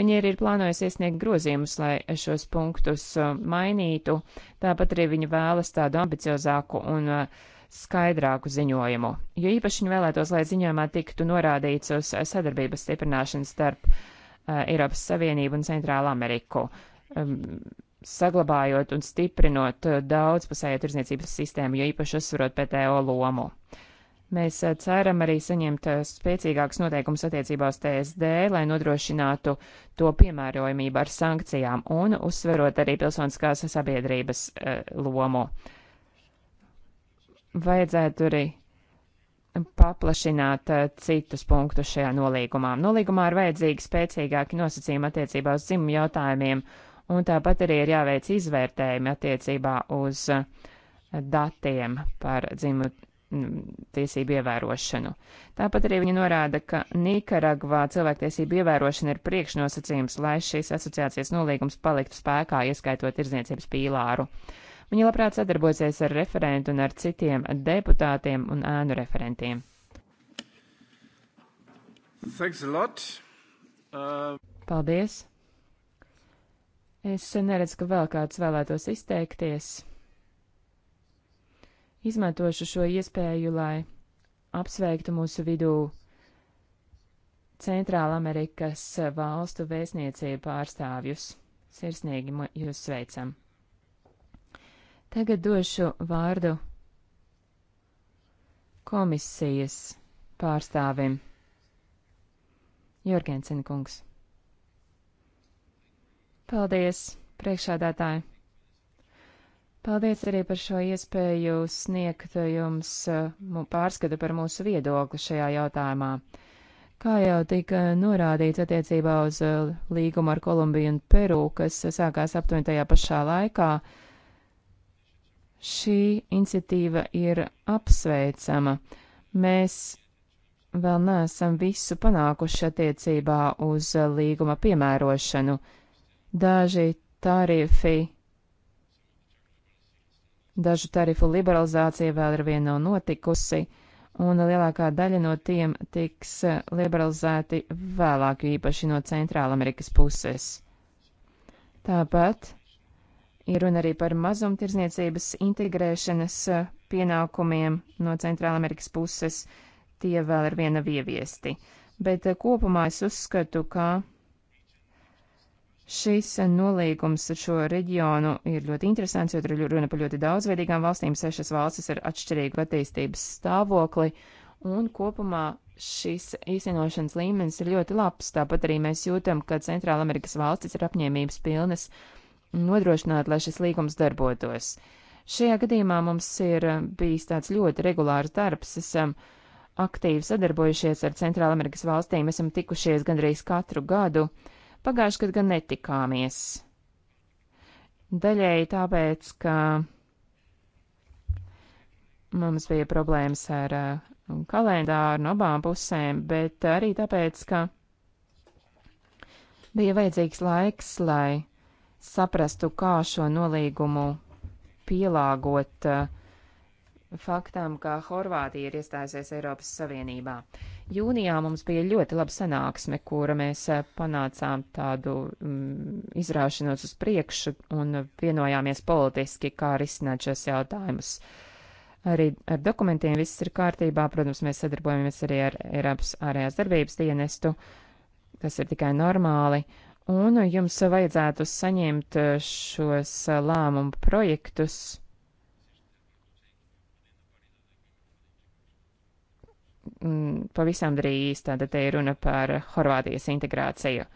Viņi arī ir plānojusi iesniegt grozījumus, lai šos punktus uh, mainītu, tāpat arī viņi vēlas tādu ambiciozāku un uh, skaidrāku ziņojumu, jo īpaši viņi vēlētos, lai ziņojumā tiktu norādīts uz sadarbības stiprināšanu starp uh, Eiropas Savienību un Centrālu Ameriku, um, saglabājot un stiprinot eh, daudzpusējo tirzniecības sistēmu, jo īpaši uzsverot PTO lomu. Mēs uh, ceram arī saņemt uh, spēcīgākus noteikumus attiecībā uz TSD, lai nodrošinātu to piemērojamību ar sankcijām un uzsverot arī pilsoniskās sabiedrības lomu. Uh, vajadzētu arī paplašināt eh, citus punktus šajā nolīgumā. Nolīgumā ir vajadzīgi spēcīgāki nosacījumi attiecībā uz dzimumu jautājumiem, un tāpat arī ir jāveic izvērtējumi attiecībā uz eh, datiem par dzimumu mm, tiesību ievērošanu. Tāpat arī viņa norāda, ka Nikaragvā cilvēktiesību ievērošana ir priekšnosacījums, lai šīs asociācijas nolīgums paliktu spēkā, ieskaitot tirdzniecības pīlāru. Uh, Viņa labprāt sadarbosies ar referentu un ar citiem deputātiem un ēnu referentiem. Uh... Paldies! Es neredzu, ka vēl kāds vēlētos izteikties. Izmantošu šo iespēju, lai apsveiktu mūsu vidū Centrālamerikas valstu vēstniecību pārstāvjus. Sirsnīgi jūs sveicam! Tagad došu vārdu komisijas pārstāvim. Jorgensen kungs. Paldies, priekšādātāji. Paldies arī par šo iespēju sniegt jums uh, pārskatu par mūsu viedokli šajā jautājumā. Kā jau tika norādīts attiecībā uz uh, līgumu ar Kolumbiju un Peru, kas uh, sākās aptuveni tajā pašā laikā, uh, Šī iniciatīva ir apsveicama. Mēs vēl neesam visu panākuši attiecībā uz līguma piemērošanu. Daži tarifi, dažu tarifu liberalizācija vēl ir vien nav notikusi, un lielākā daļa no tiem tiks liberalizēti vēlāk, īpaši no Centrālamerikas puses. Tāpat Ir runa arī par mazumtirdzniecības integrēšanas eh, pienākumiem no Centrālamerikas puses. Tie vēl ir viena ieviesti. Bet eh, kopumā es uzskatu, ka Šis nolīgums ar šo reģionu ir ļoti interesants, jo tur runa par ļoti daudzveidīgām valstīm. Sešas valstis ar atšķirīgu attīstības stāvokli, un kopumā šis īstenošanas līmenis ir ļoti labs. Tāpat arī mēs jūtam, ka Centrāla Amerikas valstis ir apņēmības pilnas nodrošināt, lai šis līgums darbotos. Šajā gadījumā mums ir eh, bijis tāds ļoti regulārs darbs. Esam aktīvi sadarbojušies ar Centrālamerikas valstīm, esam tikušies gandrīz katru gadu. Pagājuši gadu gan netikāmies. Daļēji tāpēc, ka mums bija problēmas ar eh, kalendāru no abām pusēm, bet arī tāpēc, ka bija vajadzīgs laiks, lai saprastu, kā šo nolīgumu pielāgot uh, faktām, ka Horvātija ir iestājusies Eiropas Savienībā. Jūnijā mums bija ļoti laba sanāksme, kura mēs eh, panācām tādu mm, izrāšanos uz priekšu un vienojāmies politiski, kā risināt šos jautājumus. Arī ar dokumentiem viss ir kārtībā, protams, mēs sadarbojamies arī ar Eiropas ārējās darbības dienestu, tas ir tikai normāli, Un jums vajadzētu saņemt eh, šos eh, lēmumu projektus mm, pavisam drīz, tāda te ir runa par Horvātijas integrāciju.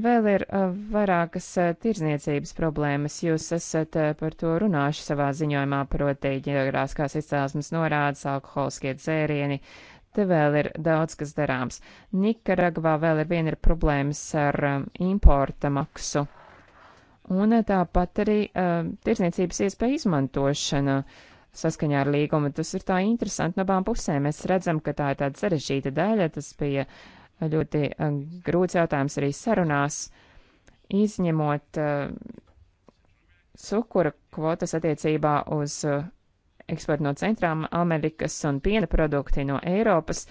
Vēl ir eh, vairākas tirzniecības problēmas, jūs esat par to runājuši savā ziņojumā, proti ģeogrāfiskās izcelsmes norādes, alkoholiskie dzērieni, Te vēl ir daudz, kas darāms. Nikaragvā vēl ar vienu ir problēmas ar um, importa maksu. Un uh, tāpat arī um, tirsniecības iespēja izmantošana saskaņā ar līgumu. Tas ir tā interesanti no abām pusēm. Mēs redzam, ka tā ir tāda sarežģīta daļa. Tas bija ļoti um, grūts jautājums arī sarunās, izņemot uh, um, cukura kvotas attiecībā uz. Uh, eksporta no Centrām Amerikas un piena produkti no Eiropas,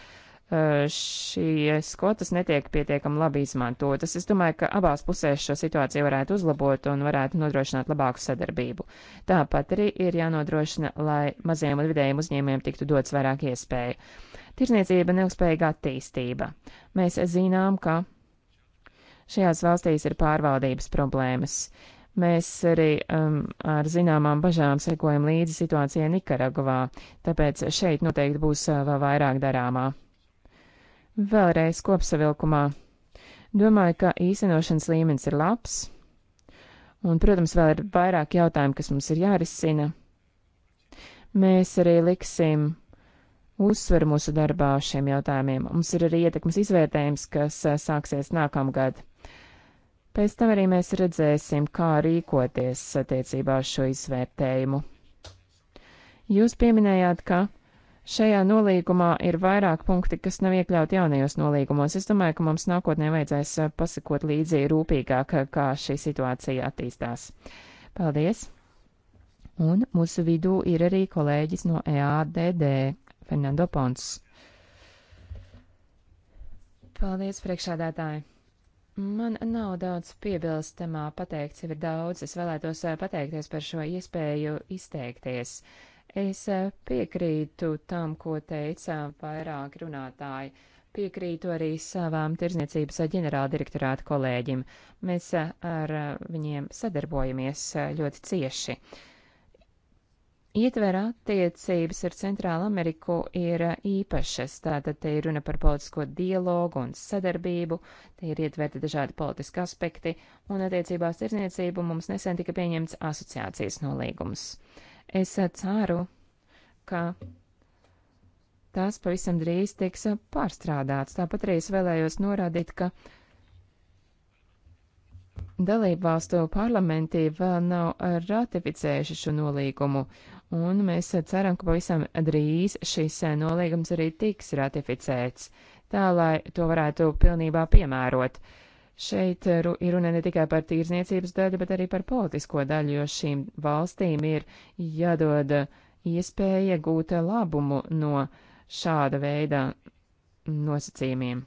šīs kvotas netiek pietiekami labi izmantotas. Es domāju, ka abās pusēs šo situāciju varētu uzlabot un varētu nodrošināt labāku sadarbību. Tāpat arī ir jānodrošina, lai maziem un vidējiem uzņēmiem tiktu dots vairāk iespēju. Tirzniecība neuzspējīga attīstība. Mēs zinām, ka šajās valstīs ir pārvaldības problēmas. Mēs arī um, ar zināmām bažām sekojam līdzi situācijai Nikaragvā, tāpēc šeit noteikti būs uh, vēl vairāk darāmā. Vēlreiz kopsavilkumā. Domāju, ka īstenošanas līmenis ir labs, un, protams, vēl ir vairāk jautājumu, kas mums ir jārisina. Mēs arī liksim uzsveru mūsu darbā šiem jautājumiem. Mums ir arī ietekmes izvērtējums, kas uh, sāksies nākamgad. Pēc tam arī mēs redzēsim, kā rīkoties attiecībā uz šo izvērtējumu. Jūs pieminējāt, ka šajā nolīgumā ir vairāk punkti, kas nav iekļauti jaunajos nolīgumos. Es domāju, ka mums nākotnē vajadzēs eh, pasakot līdzi rūpīgāk, eh, kā šī situācija attīstās. Paldies! Un mūsu vidū ir arī kolēģis no EADD, Fernando Pons. Paldies, priekšādātāji! Man nav daudz piebilstamā pateikts, jau ir daudz. Es vēlētos eh, pateikties par šo iespēju izteikties. Es eh, piekrītu tam, ko teica vairāk runātāji. Piekrītu arī savām tirzniecības ģenerāldirektorāta kolēģim. Mēs eh, ar viņiem sadarbojamies ļoti cieši. Uh, Ietver attiecības ar Centrālu Ameriku ir īpašas, tātad te ir runa par politisko dialogu un sadarbību, te ir ietverti dažādi politiski aspekti, un attiecībās tirzniecību mums nesen tika pieņemts asociācijas nolīgums. Es ceru, ka tās pavisam drīz tiks pārstrādāts. Tāpat arī es vēlējos norādīt, ka dalībvalstu parlamentī vēl nav ratificējuši šo nolīgumu, un mēs ceram, ka pavisam drīz šis nolīgums arī tiks ratificēts, tā lai to varētu pilnībā piemērot. Šeit ir runa ne tikai par tīrzniecības daļu, bet arī par politisko daļu, jo šīm valstīm ir jādod iespēja gūt labumu no šāda veida nosacījumiem.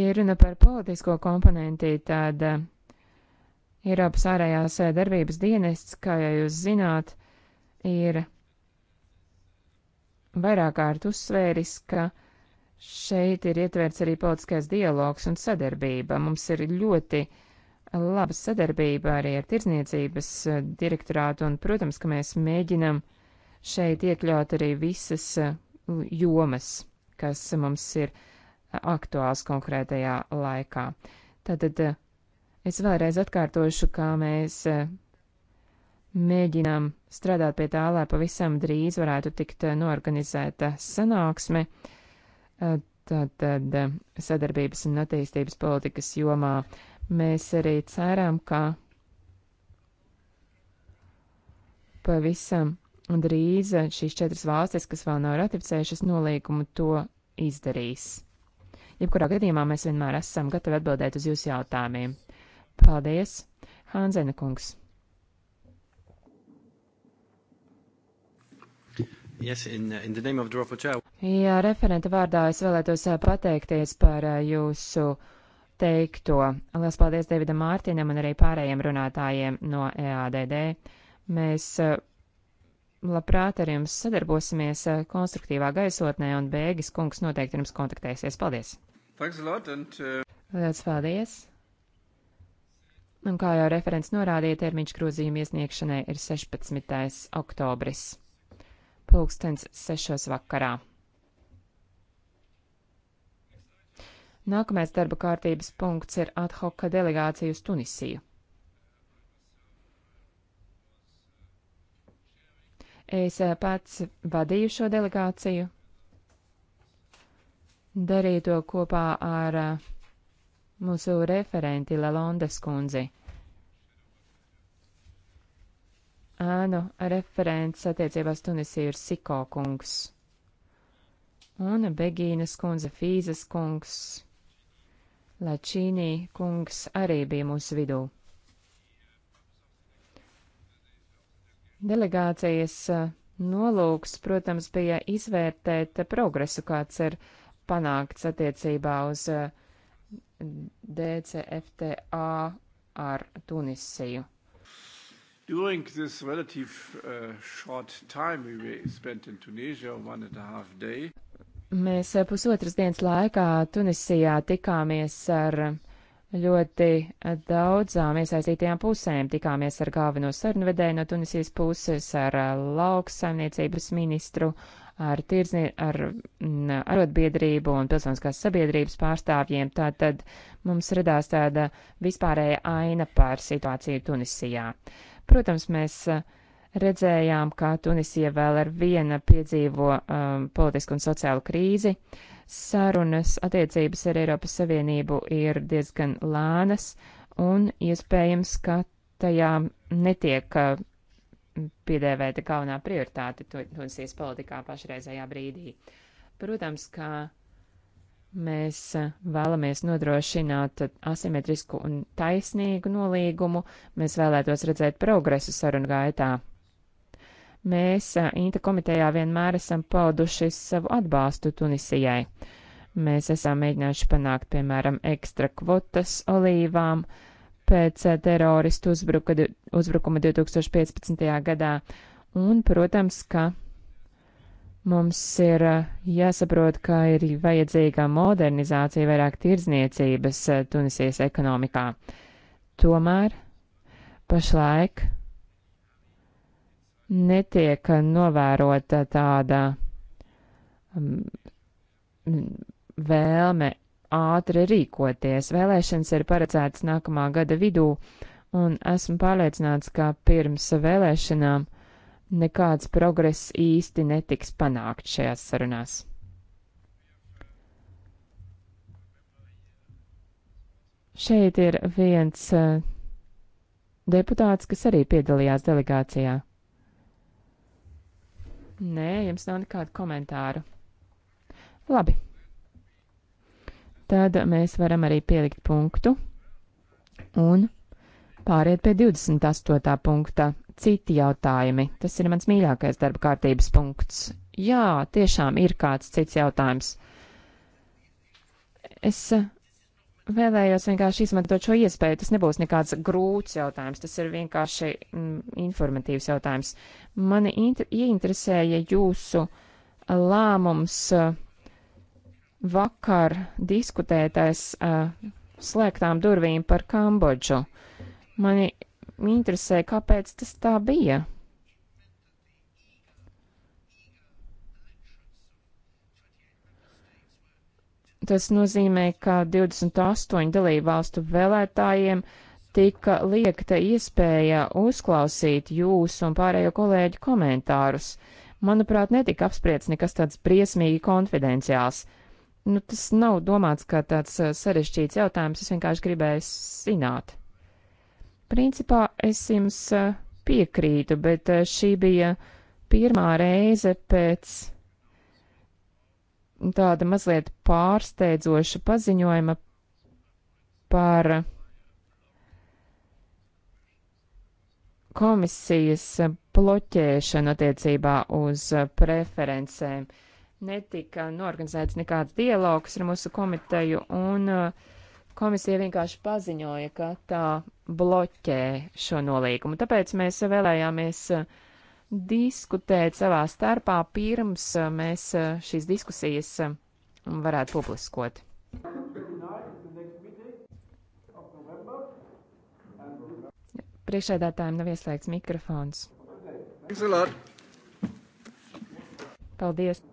Ja runa par politisko komponenti, tad Eiropas ārējās eh, darbības dienests, kā jau jūs zināt, ir vairāk kārt uzsvēris, ka šeit ir ietverts arī politiskais dialogs un sadarbība. Mums ir ļoti laba sadarbība arī ar tirzniecības eh, direktorātu, un, protams, ka mēs mēģinam šeit iekļaut arī visas eh, jomas, kas mums ir aktuāls konkrētajā laikā. Tātad Es vēlreiz atkārtošu, kā mēs eh, mēģinām strādāt pie tā, lai pavisam drīz varētu tikt eh, norganizēta sanāksme tātad eh, sadarbības un attīstības politikas jomā. Mēs arī ceram, ka pavisam drīz šīs četras valstis, kas vēl nav ratificējušas nolīgumu, to izdarīs. Jebkurā gadījumā mēs vienmēr esam gatavi atbildēt uz jūsu jautājumiem. Paldies, Hānzena kungs. Yes, in, uh, in the name of the rapporteur. Jā, referenta vārdā es vēlētos uh, pateikties par uh, jūsu teikto. Lielas paldies Davidam Mārtiņam un arī pārējiem runātājiem no EADD. Mēs labprāt ar jums sadarbosimies konstruktīvā gaisotnē un bēgis kungs noteikti jums kontaktēsies. Paldies! Thanks a lot and... Uh... Lielas paldies! Un kā jau referents norādīja, termiņš grozījuma iesniegšanai ir 16. oktobris, pulkstens 6. vakarā. Nākamais darba kārtības punkts ir ad hoc delegācija uz Tunisiju. Es eh, pats vadīju šo delegāciju, darīju to kopā ar eh, mūsu referenti Lalondas kundzi. Ānu referents attiecībās Tunisiju ir Siko kungs. Un Begīnas kundze Fīzes kungs. Lačīnī kungs arī bija mūsu vidū. Delegācijas nolūks, protams, bija izvērtēt progresu, kāds ir panākts attiecībā uz uh, DCFTA ar Tunisiju. During this relative uh, short time we were spent in Tunisia, one and a half day. Mēs uh, pusotras dienas laikā Tunisijā tikāmies ar ļoti daudzām iesaistītajām pusēm. Tikāmies ar galveno sarunvedēju no Tunisijas puses, ar uh, lauksaimniecības ministru, uh, ar, tirzni, ar mm, arotbiedrību un pilsoniskās sabiedrības pārstāvjiem, tātad mums radās tāda vispārēja aina par situāciju Tunisijā. Protams, mēs uh, redzējām, ka Tunisija vēl ar viena piedzīvo um, politisku un sociālu krīzi. Sarunas attiecības ar Eiropas Savienību ir diezgan lēnas un iespējams, ka tajā netiek uh, piedēvēta galvenā prioritāte Tunisijas politikā pašreizējā brīdī. Protams, ka mēs vēlamies nodrošināt asimetrisku un taisnīgu nolīgumu, mēs vēlētos redzēt progresu sarunu gaitā. Mēs Inta komitejā vienmēr esam pauduši savu atbalstu Tunisijai. Mēs esam mēģinājuši panākt, piemēram, ekstra kvotas olīvām, uh, pēc eh, teroristu uzbruka, uzbrukuma 2015. gadā. Un, protams, ka mums ir eh, jāsaprot, ka ir vajadzīga modernizācija vairāk tirdzniecības eh, Tunisijas ekonomikā. Tomēr pašlaik netiek novērota tāda mm, mm, vēlme ātri rīkoties. Vēlēšanas ir paredzētas nākamā gada vidū, un esmu pārliecināts, ka pirms vēlēšanām nekāds progress īsti netiks panākt šajās sarunās. Šeit ir viens eh, deputāts, kas arī piedalījās delegācijā. Nē, jums nav nekādu komentāru. Labi tad mēs varam arī pielikt punktu un pāriet pie 28. punkta. Citi jautājumi. Tas ir mans mīļākais darba kārtības punkts. Jā, tiešām ir kāds cits jautājums. Es eh, vēlējos vienkārši izmantot šo iespēju. Tas nebūs nekāds grūts jautājums, tas ir vienkārši mm, informatīvs jautājums. Mani inter ieinteresēja jūsu eh, lēmums. Uh, vakar diskutētais uh, slēgtām durvīm par Kambodžu. Mani interesē, kāpēc tas tā bija. Tas nozīmē, ka 28 dalībvalstu vēlētājiem tika liekta iespēja uzklausīt jūsu un pārējo kolēģu komentārus. Manuprāt, netika apspriests nekas tāds briesmīgi konfidenciāls. Uh, Nu, tas nav domāts kā tāds sarežģīts jautājums, es vienkārši gribēju zināt. Principā es jums piekrītu, bet šī bija pirmā reize pēc tāda mazliet pārsteidzoša paziņojuma par komisijas bloķēšanu attiecībā uz preferencēm. Uh, netika norganizēts nekāds dialogs ar mūsu komiteju, un uh, komisija vienkārši paziņoja, ka tā bloķē šo nolīgumu. Tāpēc mēs vēlējāmies uh, diskutēt savā starpā pirms uh, mēs šīs diskusijas um, varētu publiskot. Priekšēdētājiem nav ieslēgts mikrofons. Paldies!